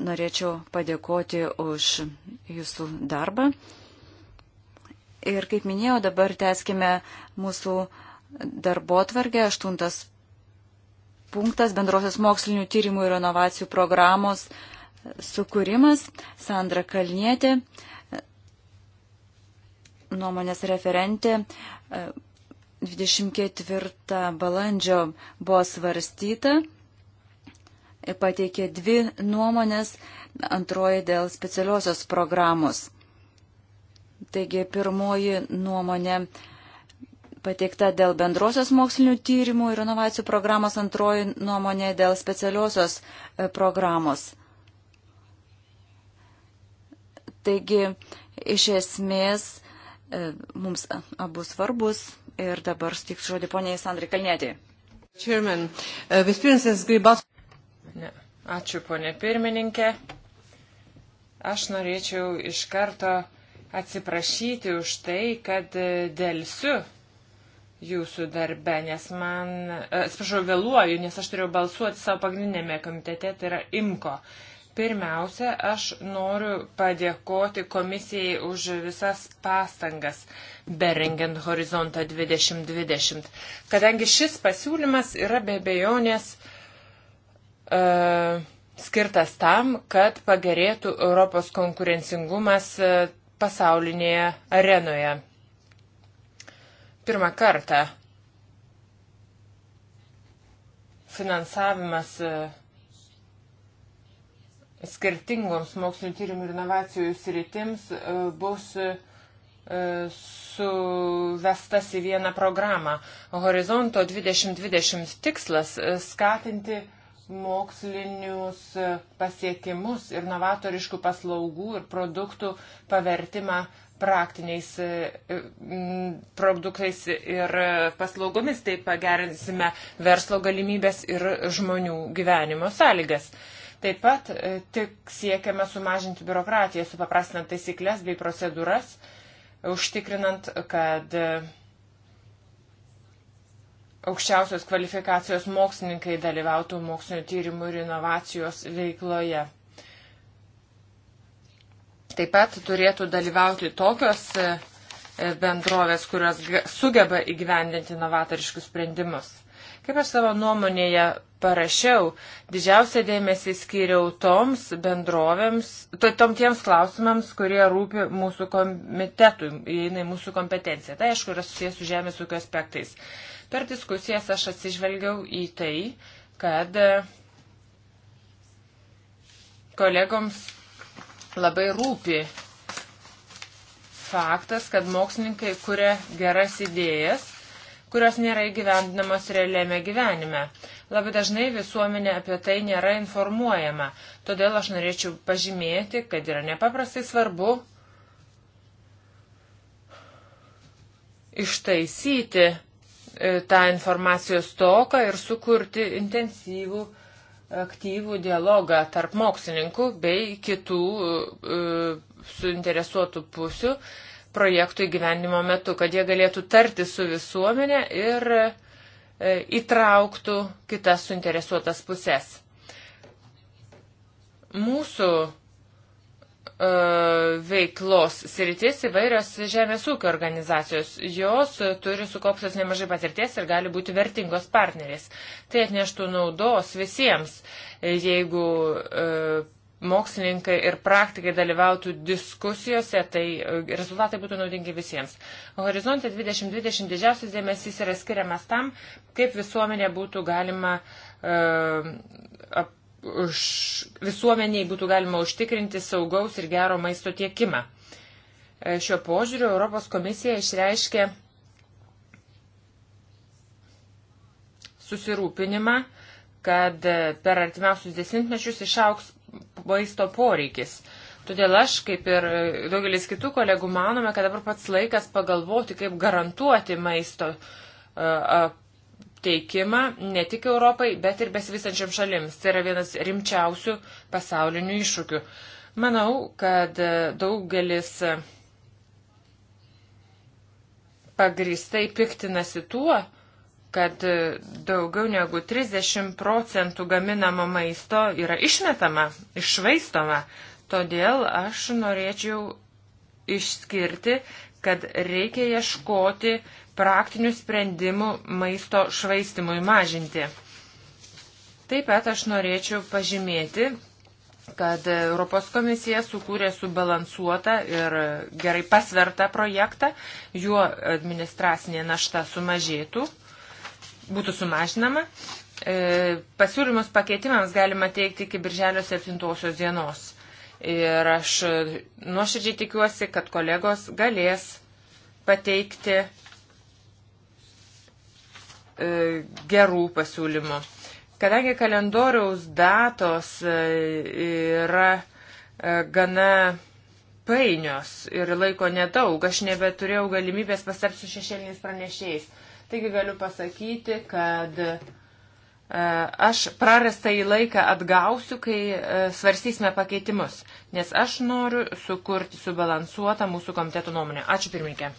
Speaker 4: Norėčiau padėkoti už jūsų darbą. Ir kaip minėjau, dabar teskime mūsų darbo tvarkę. Aštuntas punktas - bendrosios mokslinių tyrimų ir inovacijų programos sukūrimas. Sandra Kalnietė, nuomonės referentė, 24 balandžio buvo svarstyta pateikė dvi nuomonės, antroji dėl specialiosios programos. Taigi pirmoji nuomonė pateikta dėl bendrosios mokslinių tyrimų ir inovacijų programos, antroji nuomonė dėl specialiosios e, programos. Taigi, iš esmės, e, mums abu svarbus ir dabar stiks
Speaker 3: žodį poniai Sandrai Kalnėtį. Ne. Ačiū, ponė pirmininkė. Aš norėčiau iš karto atsiprašyti už tai, kad dėlsiu jūsų darbe, nes man, e, atsiprašau, vėluoju, nes aš turėjau balsuoti savo pagrindinėme komitete, tai yra IMKO. Pirmiausia, aš noriu padėkoti komisijai už visas pastangas, berengiant horizontą 2020, kadangi šis pasiūlymas yra be bejonės. Be e, skirtas tam, kad pagerėtų Europos konkurencingumas e, pasaulinėje arenoje. Pirmą kartą finansavimas e, skirtingoms mokslinio tyrimų ir inovacijų sritims e, bus suvestas į vieną programą. Horizonto 2020 tikslas skatinti mokslinius pasiekimus ir novatoriškų paslaugų ir produktų pavertimą praktiniais e, produktais ir paslaugomis, taip pagerinsime verslo galimybės ir žmonių gyvenimo sąlygas. Taip pat e, tik siekiame sumažinti biurokratiją, supaprastinant taisyklės bei procedūras, užtikrinant, kad e, aukščiausios kvalifikacijos mokslininkai dalyvautų mokslinio tyrimų ir inovacijos veikloje. Taip pat turėtų dalyvauti tokios e, e, bendrovės, kurios sugeba įgyvendinti novatoriškus sprendimus. Kaip aš savo nuomonėje parašiau, didžiausia dėmesį skyriau toms bendrovėms, to, tom tiems klausimams, kurie rūpi mūsų komitetui, įeina į mūsų kompetenciją. Tai aišku yra susijęs su žemės ūkio aspektais. Per diskusijas aš atsižvelgiau į tai, kad e, kolegoms labai rūpi faktas, kad mokslininkai kuria geras idėjas, kurios nėra įgyvendinamos realiame gyvenime. Labai dažnai visuomenė apie tai nėra informuojama. Todėl aš norėčiau pažymėti, kad yra nepaprastai svarbu ištaisyti E, tą informacijos toką ir sukurti intensyvų, aktyvų dialogą tarp mokslininkų bei kitų e, suinteresuotų pusių projektų įgyvendimo metu, kad jie galėtų tarti su visuomenė ir e, įtrauktų kitas suinteresuotas pusės. Mūsų E, veiklos sritis įvairios žemės ūkio organizacijos. Jos turi sukauptas nemažai patirties ir gali būti vertingos partnerės. Tai atneštų naudos visiems, jeigu e, mokslininkai ir praktikai dalyvautų diskusijose, tai e, rezultatai būtų naudingi visiems. Horizontė 2020 didžiausias dėmesys yra skiriamas tam, kaip visuomenė būtų galima uh, už, visuomeniai būtų galima užtikrinti saugaus ir gero maisto tiekimą. E, Šio požiūriu Europos komisija išreiškė susirūpinimą, kad e, per artimiausius dešimtmečius išauks maisto poreikis. Todėl aš, kaip ir e, daugelis kitų kolegų, manome, kad dabar pats laikas pagalvoti, kaip garantuoti maisto teikimą ne tik Europai, bet ir besivysančiam šalims. Tai yra vienas rimčiausių pasaulinių iššūkių. Manau, kad e, daugelis e, pagristai piktinasi tuo, kad e, daugiau negu 30 procentų gaminamo maisto yra išmetama, išvaistoma. Todėl aš norėčiau išskirti, kad reikia ieškoti praktinių sprendimų maisto švaistimui mažinti. Taip pat aš norėčiau pažymėti, kad Europos komisija sukūrė subalansuotą ir gerai pasvertą projektą, juo administracinė našta sumažėtų, būtų sumažinama. E, pasiūlymus pakeitimams galima teikti iki birželio 7 dienos. Ir aš nuoširdžiai tikiuosi, kad kolegos galės pateikti E, gerų pasiūlymų. Kadangi kalendoriaus datos e, yra e, gana painios ir laiko nedaug, aš nebeturėjau galimybės pastarti su šešėliniais pranešėjais. Taigi galiu pasakyti, kad aš prarastą į laiką atgausiu, kai svarstysime pakeitimus, nes aš noriu sukurti subalansuotą mūsų komiteto nuomonę. Ačiū pirmininkė.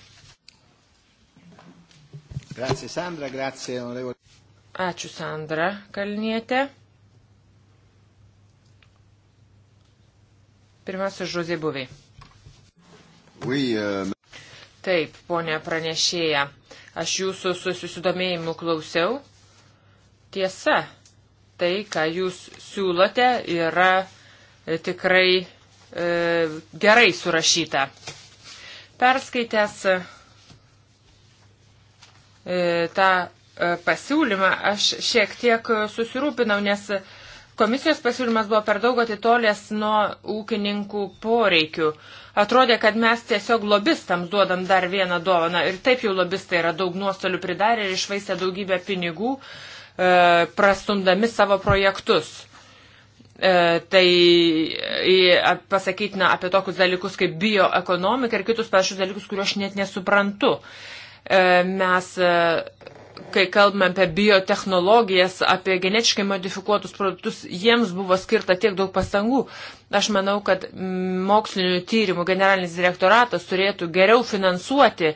Speaker 1: Grazie Sandra,
Speaker 3: grazie onorevole. Ačiū Sandra Kalnietė. Pirmasis Žozė Buvė.
Speaker 1: Oui, uh...
Speaker 3: Taip, ponė pranešėja, aš jūsų su susidomėjimu klausiau. Tiesa, tai, ką jūs siūlote, yra e, tikrai e, gerai surašyta. Perskaitęs E, tą e, pasiūlymą, aš šiek tiek susirūpinau, nes komisijos pasiūlymas buvo per daug atitolęs nuo ūkininkų poreikių. Atrodė, kad mes tiesiog lobistams duodam dar vieną dovaną ir taip jau lobistai yra daug nuostolių pridarę ir išvaistę daugybę pinigų, e, prastumdami savo projektus tai pasakytina apie tokius dalykus kaip bioekonomika ir kitus panašius dalykus, kuriuos aš net nesuprantu. E, mes, e, kai kalbame apie biotehnologijas, apie genetiškai modifikuotus produktus, jiems buvo skirta tiek daug pastangų. Aš manau, kad mokslinio tyrimų generalinis direktoratas turėtų geriau finansuoti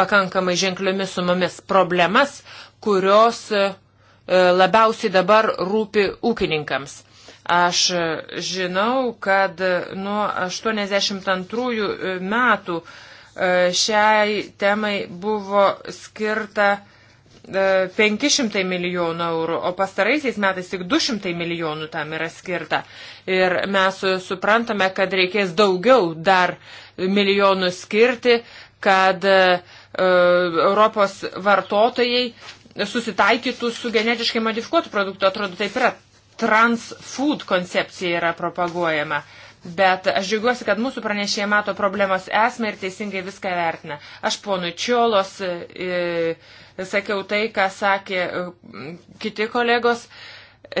Speaker 3: pakankamai ženkliomis sumomis problemas, kurios e, labiausiai dabar rūpi ūkininkams. Aš žinau, kad nuo 82 metų E, šiai temai buvo skirta 500 e, milijonų eurų, o pastaraisiais metais tik 200 milijonų tam yra skirta. Ir mes suprantame, kad reikės daugiau dar milijonų skirti, kad e, Europos vartotojai susitaikytų su genetiškai modifikuotų produktų. Atrodo, taip yra. Transfood koncepcija yra propaguojama. Uh, Bet aš džiaugiuosi, kad mūsų pranešėjai mato problemos esmę ir teisingai viską vertina. Aš ponui Čiolos e, e, sakiau tai, ką sakė e, kiti kolegos.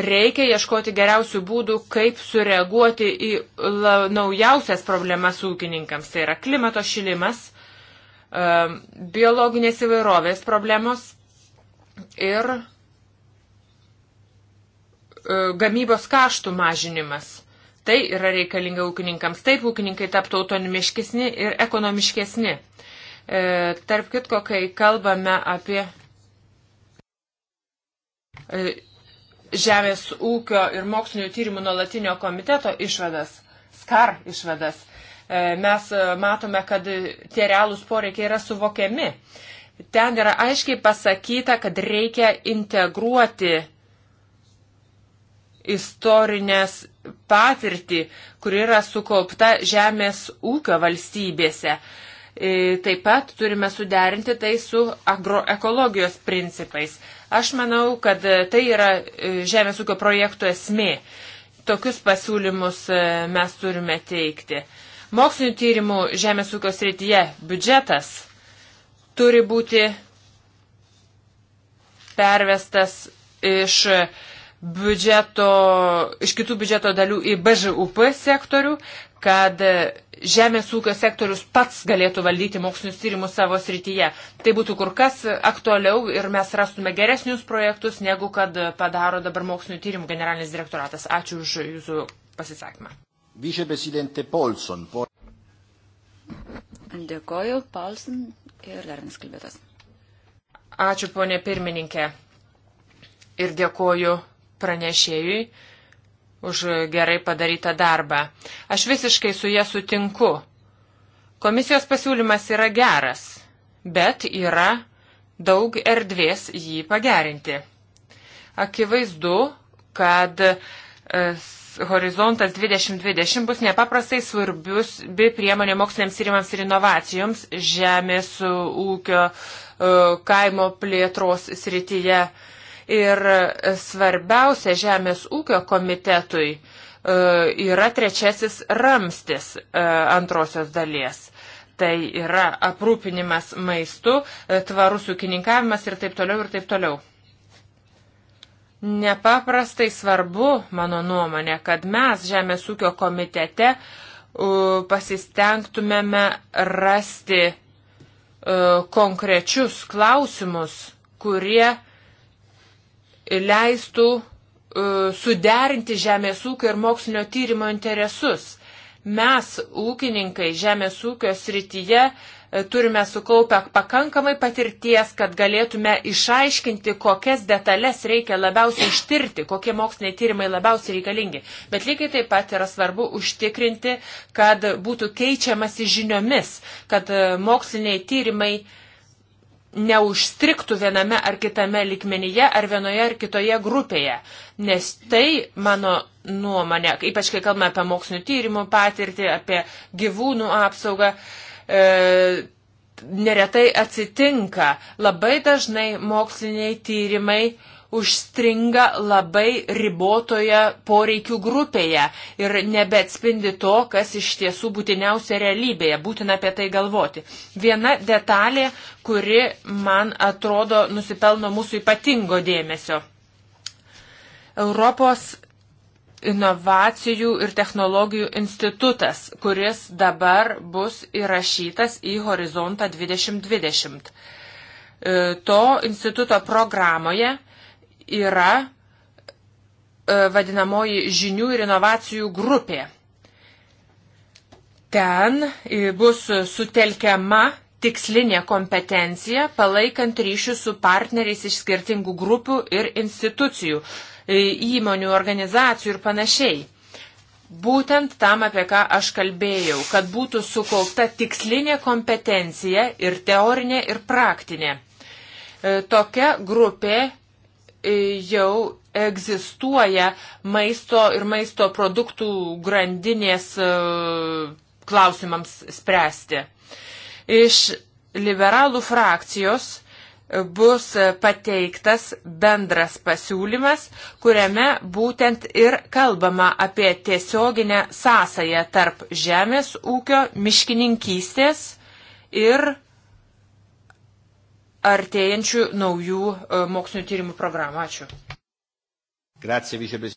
Speaker 3: Reikia ieškoti geriausių būdų, kaip sureaguoti į la, naujausias problemas ūkininkams. Tai yra klimato šilimas, e, biologinės įvairovės problemos ir e, gamybos kaštų mažinimas Tai yra reikalinga ūkininkams. Taip, ūkininkai taptų autonomiškesni ir ekonomiškesni. E, tarp kitko, kai kalbame apie e, Žemės ūkio ir mokslinio tyrimų nuolatinio komiteto išvadas, SKAR išvadas, e, mes e, matome, kad tie realūs poreikiai yra suvokiami. Ten yra aiškiai pasakyta, kad reikia integruoti istorinės patirtį, kuri yra sukaupta žemės ūkio valstybėse. E, taip pat turime suderinti tai su agroekologijos principais. Aš manau, kad tai yra e, žemės ūkio projektų esmė. Tokius pasiūlymus e, mes turime teikti. Mokslinių tyrimų žemės ūkio srityje biudžetas turi būti pervestas iš biudžeto, iš kitų biudžeto dalių į BŽUP sektorių, kad žemės ūkio sektorius pats galėtų valdyti mokslinius tyrimus savo srityje. Tai būtų kur kas aktualiau ir mes rastume geresnius projektus, negu kad padaro dabar mokslinių tyrimų generalinis direktoratas. Ačiū už jūsų pasisakymą.
Speaker 1: Viceprezidente Polson. Po...
Speaker 3: Dėkoju, Paulson ir dar vienas kalbėtas. Ačiū, ponė pirmininkė. Ir dėkoju pranešėjui už gerai padarytą darbą. Aš visiškai su jie sutinku. Komisijos pasiūlymas yra geras, bet yra daug erdvės jį pagerinti. Akivaizdu, kad e, Horizontas 2020 bus nepaprastai svarbius bei priemonė moksliniams tyrimams ir inovacijoms žemės ūkio e, kaimo plėtros srityje Ir svarbiausia Žemės ūkio komitetui e, yra trečiasis ramstis e, antrosios dalies. Tai yra aprūpinimas maistu, e, tvarus ūkininkavimas ir taip toliau ir taip toliau. Nepaprastai svarbu, mano nuomonė, kad mes Žemės ūkio komitete pasistengtumėme rasti konkrečius klausimus, kurie leistų e, suderinti žemės ūkio ir mokslinio tyrimo interesus. Mes, ūkininkai, žemės ūkio srityje e, turime sukaupę pakankamai patirties, kad galėtume išaiškinti, kokias detalės reikia labiausiai ištirti, kokie moksliniai tyrimai labiausiai reikalingi. Bet lygiai taip pat yra svarbu užtikrinti, kad būtų keičiamasi žiniomis, kad e, moksliniai tyrimai uh, neužstriktų viename ar kitame likmenyje, ar vienoje ar kitoje grupėje. Nes tai, mano nuomonė, ypač kai kalbame apie mokslinio tyrimų patirtį, apie gyvūnų apsaugą, e, neretai atsitinka. Labai dažnai moksliniai tyrimai e, užstringa labai ribotoje poreikių grupėje ir nebeatspindi to, kas iš tiesų būtiniausia realybėje. Būtina apie tai galvoti. Viena detalė, kuri man atrodo nusipelno mūsų ypatingo dėmesio. Europos inovacijų ir technologijų institutas, kuris dabar bus įrašytas į horizontą 2020. E, to instituto programoje yra e, vadinamoji žinių ir inovacijų grupė. Ten bus sutelkiama tikslinė kompetencija, palaikant ryšių su partneriais iš skirtingų grupių ir institucijų, įmonių, organizacijų ir panašiai. Būtent tam, apie ką aš kalbėjau, kad būtų sukaupta tikslinė kompetencija ir teorinė, ir praktinė. E, tokia grupė jau egzistuoja maisto ir maisto produktų grandinės e, klausimams spręsti. Iš liberalų frakcijos bus pateiktas bendras pasiūlymas, kuriame būtent ir kalbama apie tiesioginę sąsają tarp žemės ūkio, miškininkystės ir artėjančių naujų e, mokslinio tyrimų programų. Ačiū.
Speaker 1: Grazie,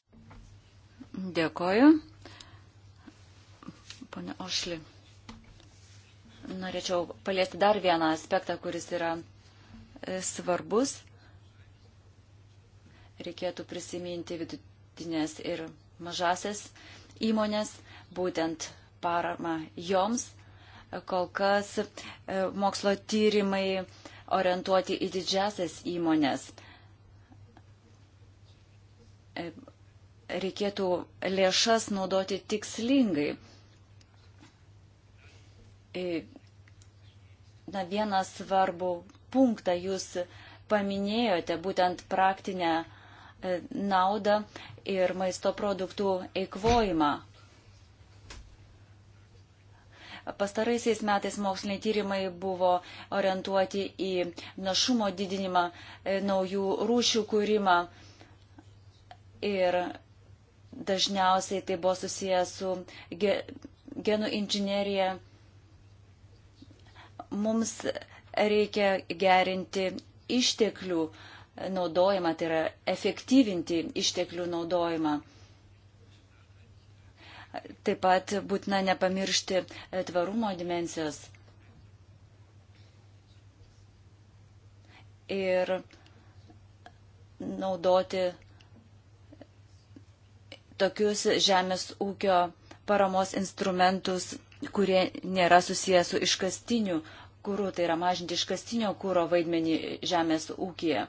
Speaker 3: Dėkoju. Pane Ošli.
Speaker 4: Norėčiau paliesti dar vieną aspektą, kuris yra e, svarbus. Reikėtų prisiminti vidutinės ir mažasias įmonės, būtent parama joms. Kol kas e, mokslo tyrimai orientuoti į didžiasias įmonės. E, reikėtų lėšas naudoti tikslingai. E, na, vieną svarbų punktą jūs paminėjote, būtent praktinę e, naudą ir maisto produktų eikvojimą. Pastaraisiais metais moksliniai tyrimai buvo orientuoti į našumo didinimą, e, naujų rūšių kūrimą ir dažniausiai tai buvo susijęs su ge, genų inžinierija. Mums reikia gerinti išteklių naudojimą, tai yra efektyvinti išteklių naudojimą. Taip pat būtina nepamiršti e, tvarumo dimensijos. Ir naudoti tokius žemės ūkio paramos instrumentus, kurie nėra susijęs su iškastiniu kūru, tai yra mažinti iškastinio kūro vaidmenį žemės ūkija.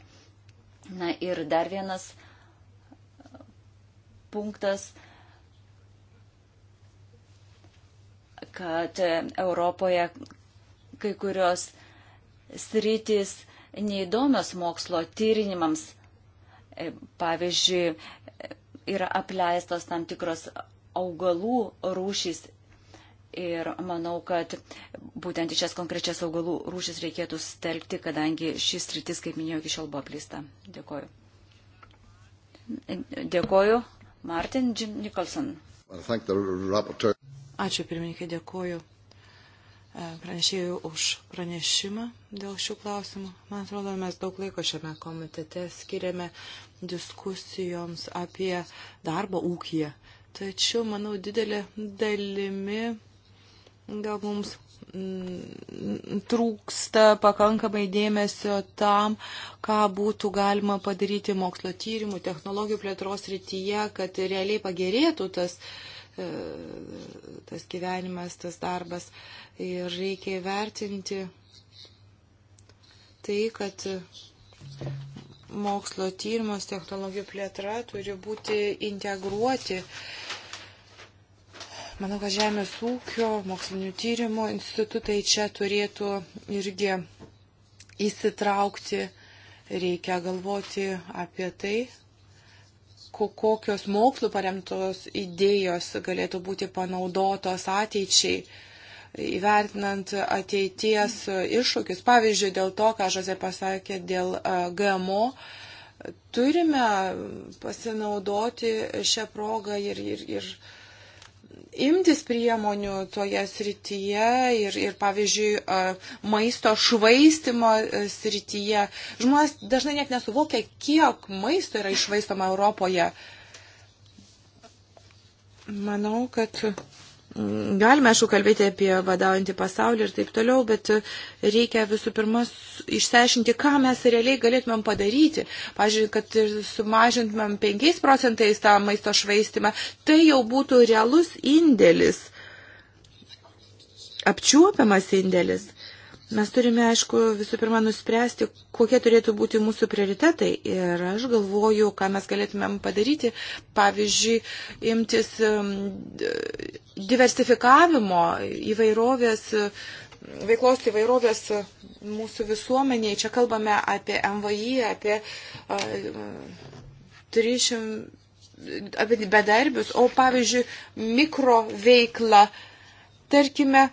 Speaker 4: Na ir dar vienas punktas kad Europoje kai kurios sritys neįdomios mokslo tyrinimams. E, pavyzdžiui, yra apleistos tam tikros augalų rūšys. Ir manau, kad būtent į šias konkrečias augalų rūšis reikėtų stelkti, kadangi šis rytis, kaip minėjau, iki šiol buvo apleista. Dėkoju. Dėkoju. Martin Jim Nicholson.
Speaker 2: Ačiū pirmininkė, dėkoju e, pranešėjų už pranešimą dėl šių klausimų. Man atrodo, mes daug laiko šiame komitete skiriame diskusijoms apie darbą ūkiją. Tačiau, manau, didelė dalimi gal mums mm, trūksta pakankamai dėmesio tam, ką būtų galima padaryti mokslo tyrimų, technologijų plėtros rytyje, kad realiai pagerėtų tas uh, E, tas gyvenimas, tas darbas. Ir reikia įvertinti tai, kad mokslo tyrimas, technologijų plėtra turi būti integruoti. Manau, kad Žemės ūkio, mokslinių tyrimų institutai čia turėtų irgi įsitraukti. Reikia galvoti apie tai, kokios mokslo paremtos idėjos galėtų būti panaudotos ateičiai, įvertinant ateities iššūkius. Pavyzdžiui, dėl to, ką Žozė pasakė dėl GMO, turime pasinaudoti šią progą ir, ir, ir imtis priemonių toje srityje ir, ir pavyzdžiui, maisto švaistimo e, srityje. Žmonės dažnai net nesuvokia, kiek maisto yra išvaistoma Europoje. Manau, kad Galime, aišku, kalbėti apie vadaujantį pasaulį ir taip toliau, bet reikia visų pirma išsiaiškinti, ką mes realiai galėtumėm padaryti. Pavyzdžiui, kad sumažintumėm 5 procentais tą maisto švaistimą, tai jau būtų realus indėlis, apčiuopiamas indėlis. Mes turime, aišku, visų pirma nuspręsti, kokie turėtų būti mūsų prioritetai. Ir aš galvoju, ką mes galėtumėm padaryti. Pavyzdžiui, imtis diversifikavimo įvairovės veiklos įvairovės mūsų visuomeniai. Čia kalbame apie MVI, apie uh, 300 apie bedarbius, o pavyzdžiui, mikro veiklą, tarkime,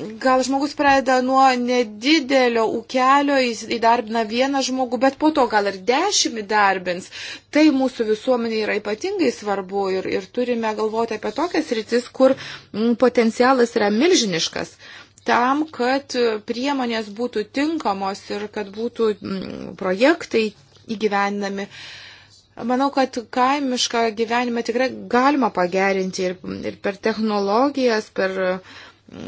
Speaker 2: gal žmogus pradeda nuo nedidelio ūkelio, jis įdarbina vieną žmogų, bet po to gal ir dešimt įdarbins. Tai mūsų visuomenė yra ypatingai svarbu ir, ir turime galvoti apie tokias rytis, kur m, mm, potencialas yra milžiniškas. Tam, kad priemonės būtų tinkamos ir kad būtų m, mm, projektai įgyvendinami. Manau, kad kaimišką gyvenimą tikrai galima pagerinti ir, ir per technologijas, per uh,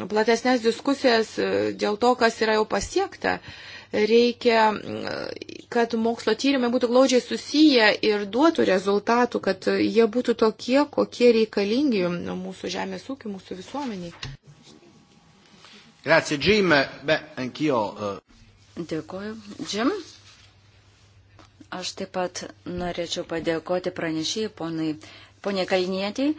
Speaker 2: platesnės diskusijas e, dėl to, kas yra jau pasiekta. Reikia, e, kad mokslo tyrimai būtų glaudžiai susiję ir duotų rezultatų, kad jie būtų tokie, kokie reikalingi mūsų žemės ūkiu, mūsų visuomeniai.
Speaker 1: Grazie, Jim. Be, anch'io. Uh...
Speaker 2: Eh. Dėkuoju. Jim?
Speaker 4: Aš taip pat norėčiau padėkoti pranešėjai, ponai, ponė Kalnietiai,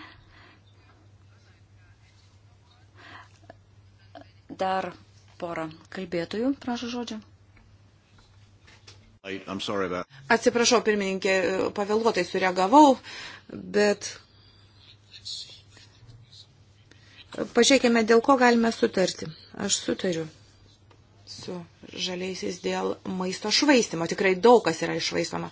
Speaker 4: Dar
Speaker 2: porą kalbėtojų, prašau žodžio. Atsiprašau, pirmininkė, pavėluotai sureagavau, bet pažiūrėkime, dėl ko galime sutarti. Aš sutariu su žaliaisiais dėl maisto švaistimo. Tikrai daug kas yra išvaistoma.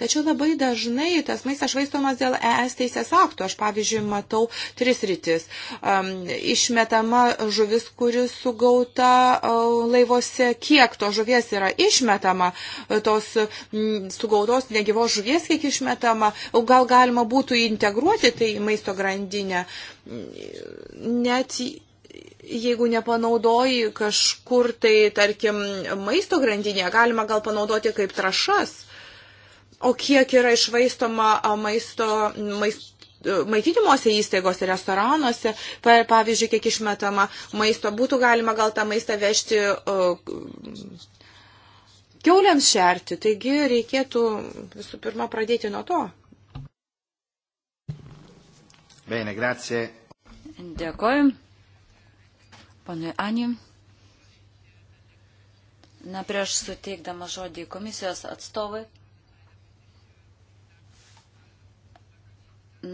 Speaker 2: Tačiau labai dažnai tas maistas švaistomas dėl ES teisės aktų. Aš, pavyzdžiui, matau tris rytis. Um, išmetama žuvis, kuris sugauta uh, laivuose. Kiek to žuvies yra išmetama, tos mm, sugautos negyvos žuvies, kiek išmetama. Gal galima būtų integruoti tai į maisto grandinę. Net jeigu nepanaudoji kažkur tai, tarkim, maisto grandinėje, galima gal panaudoti kaip trašas. O kiek yra išvaistoma maisto, maisto e, maitinimuose įstaigos ir restoranuose, pavyzdžiui, kiek išmetama maisto, būtų galima gal tą maistą vežti uh, keuliams šerti. Taigi reikėtų visų pirma pradėti nuo to.
Speaker 1: Bene, grazie.
Speaker 2: Dėkoju. Pane Ani.
Speaker 4: Na, prieš suteikdama žodį komisijos atstovai,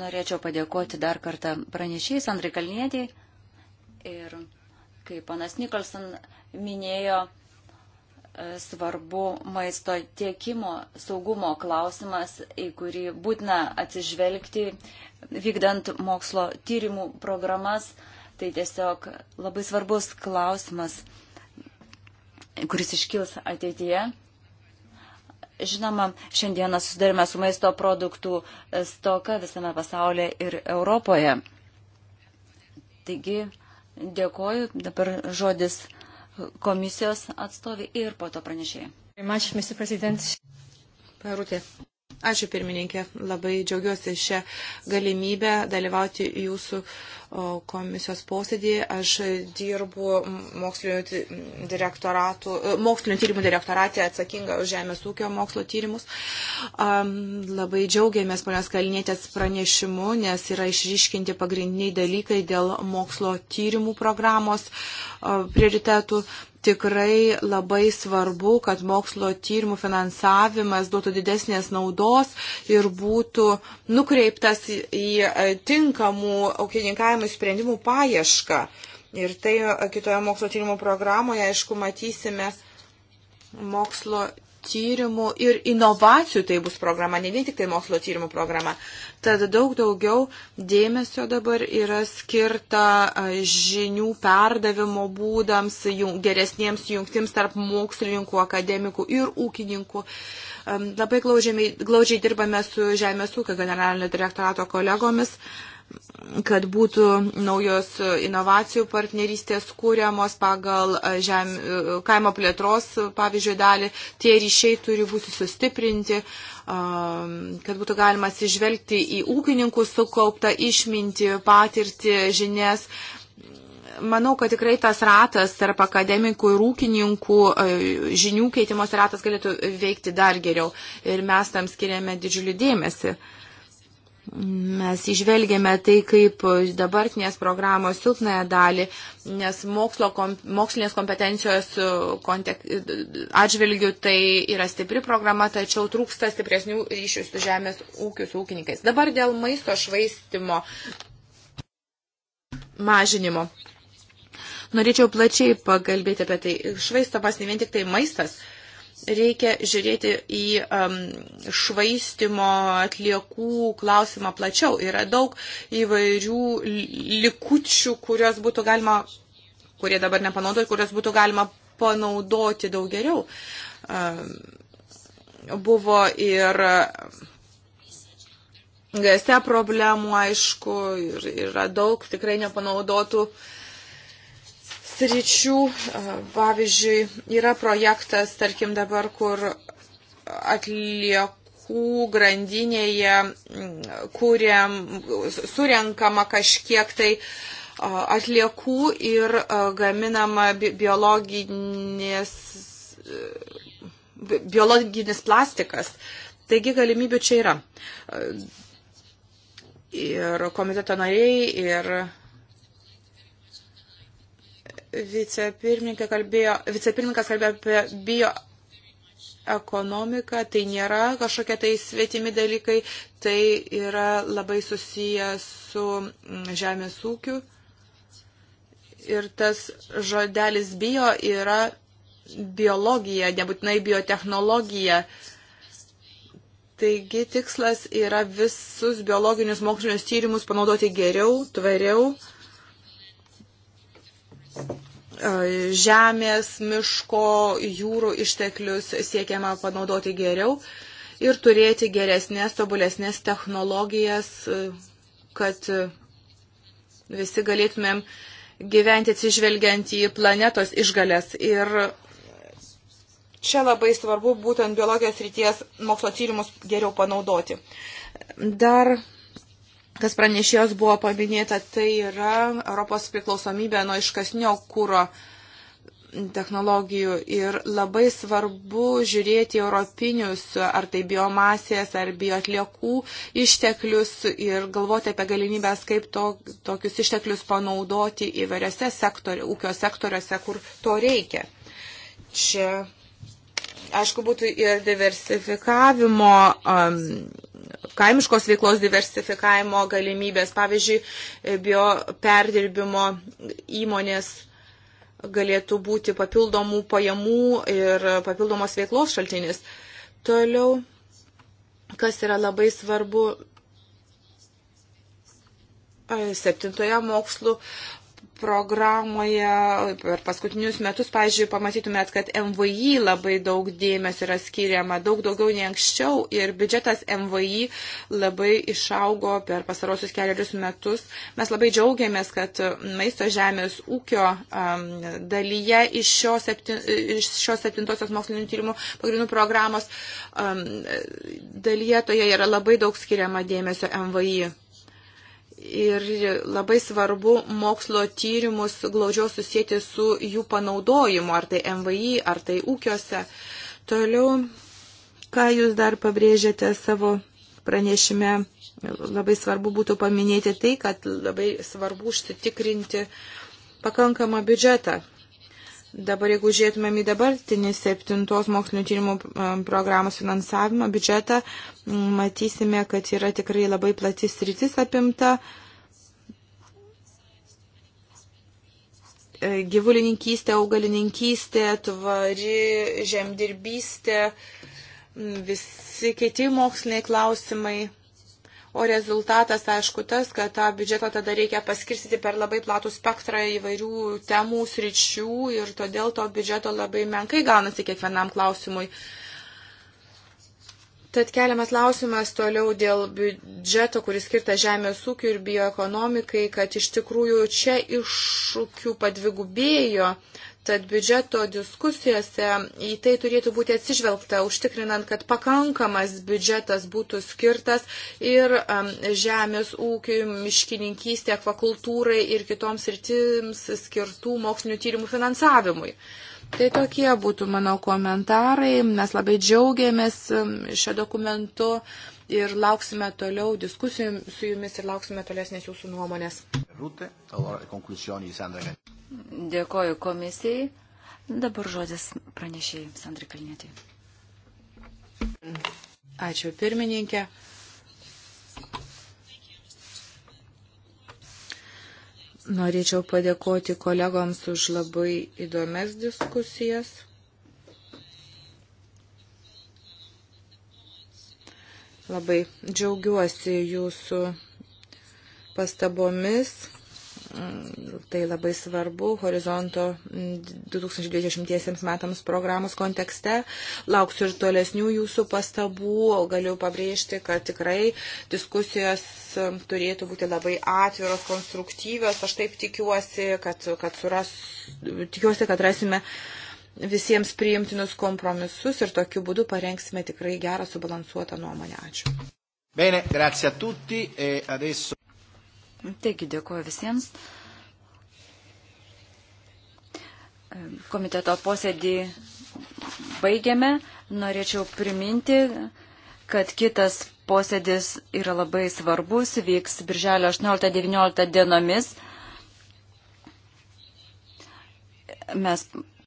Speaker 4: norėčiau padėkoti dar kartą pranešėjais Andrai Kalnietiai ir, kaip panas Nikolson minėjo, e, svarbu maisto tiekimo saugumo klausimas, į kurį būtina atsižvelgti, vykdant mokslo tyrimų programas. Tai tiesiog labai svarbus klausimas, kuris iškils ateityje. Žinoma, šiandieną susidarime su maisto produktų stoka visame pasaulyje ir Europoje. Taigi, dėkoju. Dabar žodis
Speaker 2: komisijos atstovi ir po to pranešėjai. Perutė. Ačiū pirmininkė, labai džiaugiuosi šią galimybę dalyvauti jūsų komisijos posėdėje. Aš dirbu e, mokslinio tyrimų direktorate atsakinga už žemės ūkio mokslo tyrimus. Um, labai džiaugiamės ponios Kalinėtės pranešimu, nes yra išryškinti pagrindiniai dalykai dėl mokslo tyrimų programos prioritetų tikrai labai svarbu, kad mokslo tyrimų finansavimas duotų didesnės naudos ir būtų nukreiptas į e, tinkamų aukininkavimų sprendimų paiešką. Ir tai e, kitoje mokslo tyrimų programoje, aišku, matysime mokslo tyrimų ir inovacijų tai bus programa, ne vien tik tai mokslo tyrimų programa. Tad daug daugiau dėmesio dabar yra skirta žinių perdavimo būdams, geresniems jungtims tarp mokslininkų, akademikų ir ūkininkų. Labai glaudžiai, glaudžiai dirbame su Žemės ūkio generalinio direktorato kolegomis. Uh, kad būtų naujos inovacijų partnerystės kūriamos pagal e, žem, e, kaimo plėtros, pavyzdžiui, dalį. Tie ryšiai turi būti sustiprinti, kad būtų galima atsižvelgti į ūkininkų sukauptą išmintį, patirtį, žinias. Manau, kad tikrai tas ratas tarp akademikų ir ūkininkų e, žinių keitimos ratas galėtų veikti dar geriau ir mes tam skiriame didžiulį dėmesį. Uh, Mes išvelgėme tai kaip dabartinės programos silpnąją dalį, nes mokslo, kom, mokslinės kompetencijos kontek, atžvilgių tai yra stipri programa, tačiau trūksta stipresnių ryšių su žemės ūkiu, su ūkininkais. Dabar dėl maisto švaistimo mažinimo. Norėčiau plačiai pagalbėti apie tai. Švaistomas ne vien tik tai maistas, reikia žiūrėti į um, švaistimo atliekų klausimą plačiau. Yra daug įvairių likučių, kurios būtų galima, kurie dabar nepanaudoti, kurios būtų galima panaudoti daug geriau. Um, buvo ir GSE problemų, aišku, ir yra daug tikrai nepanaudotų uh, sričių. Pavyzdžiui, yra projektas, tarkim, dabar, kur atliekų atliekų grandinėje kūrėm, surenkama kažkiek tai atliekų ir gaminama biologinės, biologinis plastikas. Taigi galimybių čia yra. Ir komiteto nariai, ir vicepirmininkas kalbėjo, vicepirmininkas kalbėjo apie bio ekonomika, tai nėra kažkokie tai svetimi dalykai, tai yra labai susiję su mm, žemės ūkiu. Ir tas žodelis bio yra biologija, nebūtinai biotehnologija. Taigi tikslas yra visus biologinius mokslinius tyrimus panaudoti geriau, tvariau E, žemės, miško, jūrų išteklius siekiama panaudoti geriau ir turėti geresnės, tobulesnės technologijas, e, kad visi galėtumėm gyventi atsižvelgiant į planetos išgalės. Ir čia labai svarbu būtent biologijos ryties mokslo tyrimus geriau panaudoti. Dar kas pranešėjos buvo paminėta, tai yra Europos priklausomybė nuo iškasnio kūro technologijų ir labai svarbu žiūrėti europinius, ar tai biomasės, ar bioatliekų išteklius ir galvoti apie galimybęs, kaip to, tokius išteklius panaudoti įvairiose sektori, ūkio sektoriuose, kur to reikia. Čia, aišku, būtų ir diversifikavimo um, kaimiškos veiklos diversifikavimo galimybės, pavyzdžiui, e, bio perdirbimo įmonės galėtų būti papildomų pajamų ir papildomos veiklos šaltinis. Toliau, kas yra labai svarbu e, septintoje mokslų programoje per paskutinius metus, pavyzdžiui, pamatytumėt, kad MVI labai daug dėmesio yra skiriama, daug daugiau nei anksčiau ir biudžetas MVI labai išaugo per pasarosius keliarius metus. Mes labai džiaugiamės, kad maisto žemės ūkio um, dalyje iš šios, septin, iš šios septintosios mokslininių tyrimų pagrindų programos um, dalyje toje yra labai daug skiriama dėmesio MVI. Ir labai svarbu mokslo tyrimus glaudžiau susijęti su jų panaudojimu, ar tai MVI, ar tai ūkiuose. Toliau, ką jūs dar pabrėžėte savo pranešime, labai svarbu būtų paminėti tai, kad labai svarbu užsitikrinti pakankamą biudžetą Dabar, jeigu žiūrėtumėm į dabartinį septintos mokslinio tyrimų programos finansavimo biudžetą, matysime, kad yra tikrai labai platis rytis apimta. E, gyvulininkystė, augalininkystė, tvari žemdirbystė, visi kiti moksliniai klausimai o rezultatas, aišku, tas, kad tą biudžetą tada reikia paskirstyti per labai platų spektrą įvairių temų, sričių ir todėl to biudžeto labai menkai gaunasi kiekvienam klausimui. Tad keliamas klausimas toliau dėl biudžeto, kuris skirtas žemės ūkiu ir bioekonomikai, kad iš tikrųjų čia iššūkių padvigubėjo. Tad biudžeto diskusijose į tai turėtų būti atsižvelgta, užtikrinant, kad pakankamas biudžetas būtų skirtas ir um, žemės ūkiui, miškininkystė, akvakultūrai ir kitoms rytims skirtų mokslinių tyrimų finansavimui. Tai tokie būtų mano komentarai. Mes labai džiaugiamės um, šio dokumentu ir lauksime toliau diskusijų su jumis ir lauksime tolesnės jūsų nuomonės. Rūtė, Dėkoju komisijai.
Speaker 4: Dabar žodis pranešėjai, Sandri Kalnėtai.
Speaker 2: Ačiū pirmininkė. Norėčiau padėkoti kolegoms už labai įdomias diskusijas. Labai džiaugiuosi jūsų pastabomis Tai labai svarbu horizonto 2020 metams programos kontekste. Lauksiu ir tolesnių jūsų pastabų. Galiu pabrėžti, kad tikrai diskusijos turėtų būti labai atviros, konstruktyvios. Aš taip tikiuosi, kad, kad, suras, tikiuosi, kad rasime visiems priimtinus kompromisus ir tokiu būdu parengsime tikrai gerą subalansuotą nuomonę. Ačiū.
Speaker 1: Bene, grazie a tutti e adesso
Speaker 4: Taigi dėkuoju visiems. Komiteto posėdį baigiame. Norėčiau priminti, kad kitas posėdis yra labai svarbus, vyks birželio 18-19 dienomis. Mes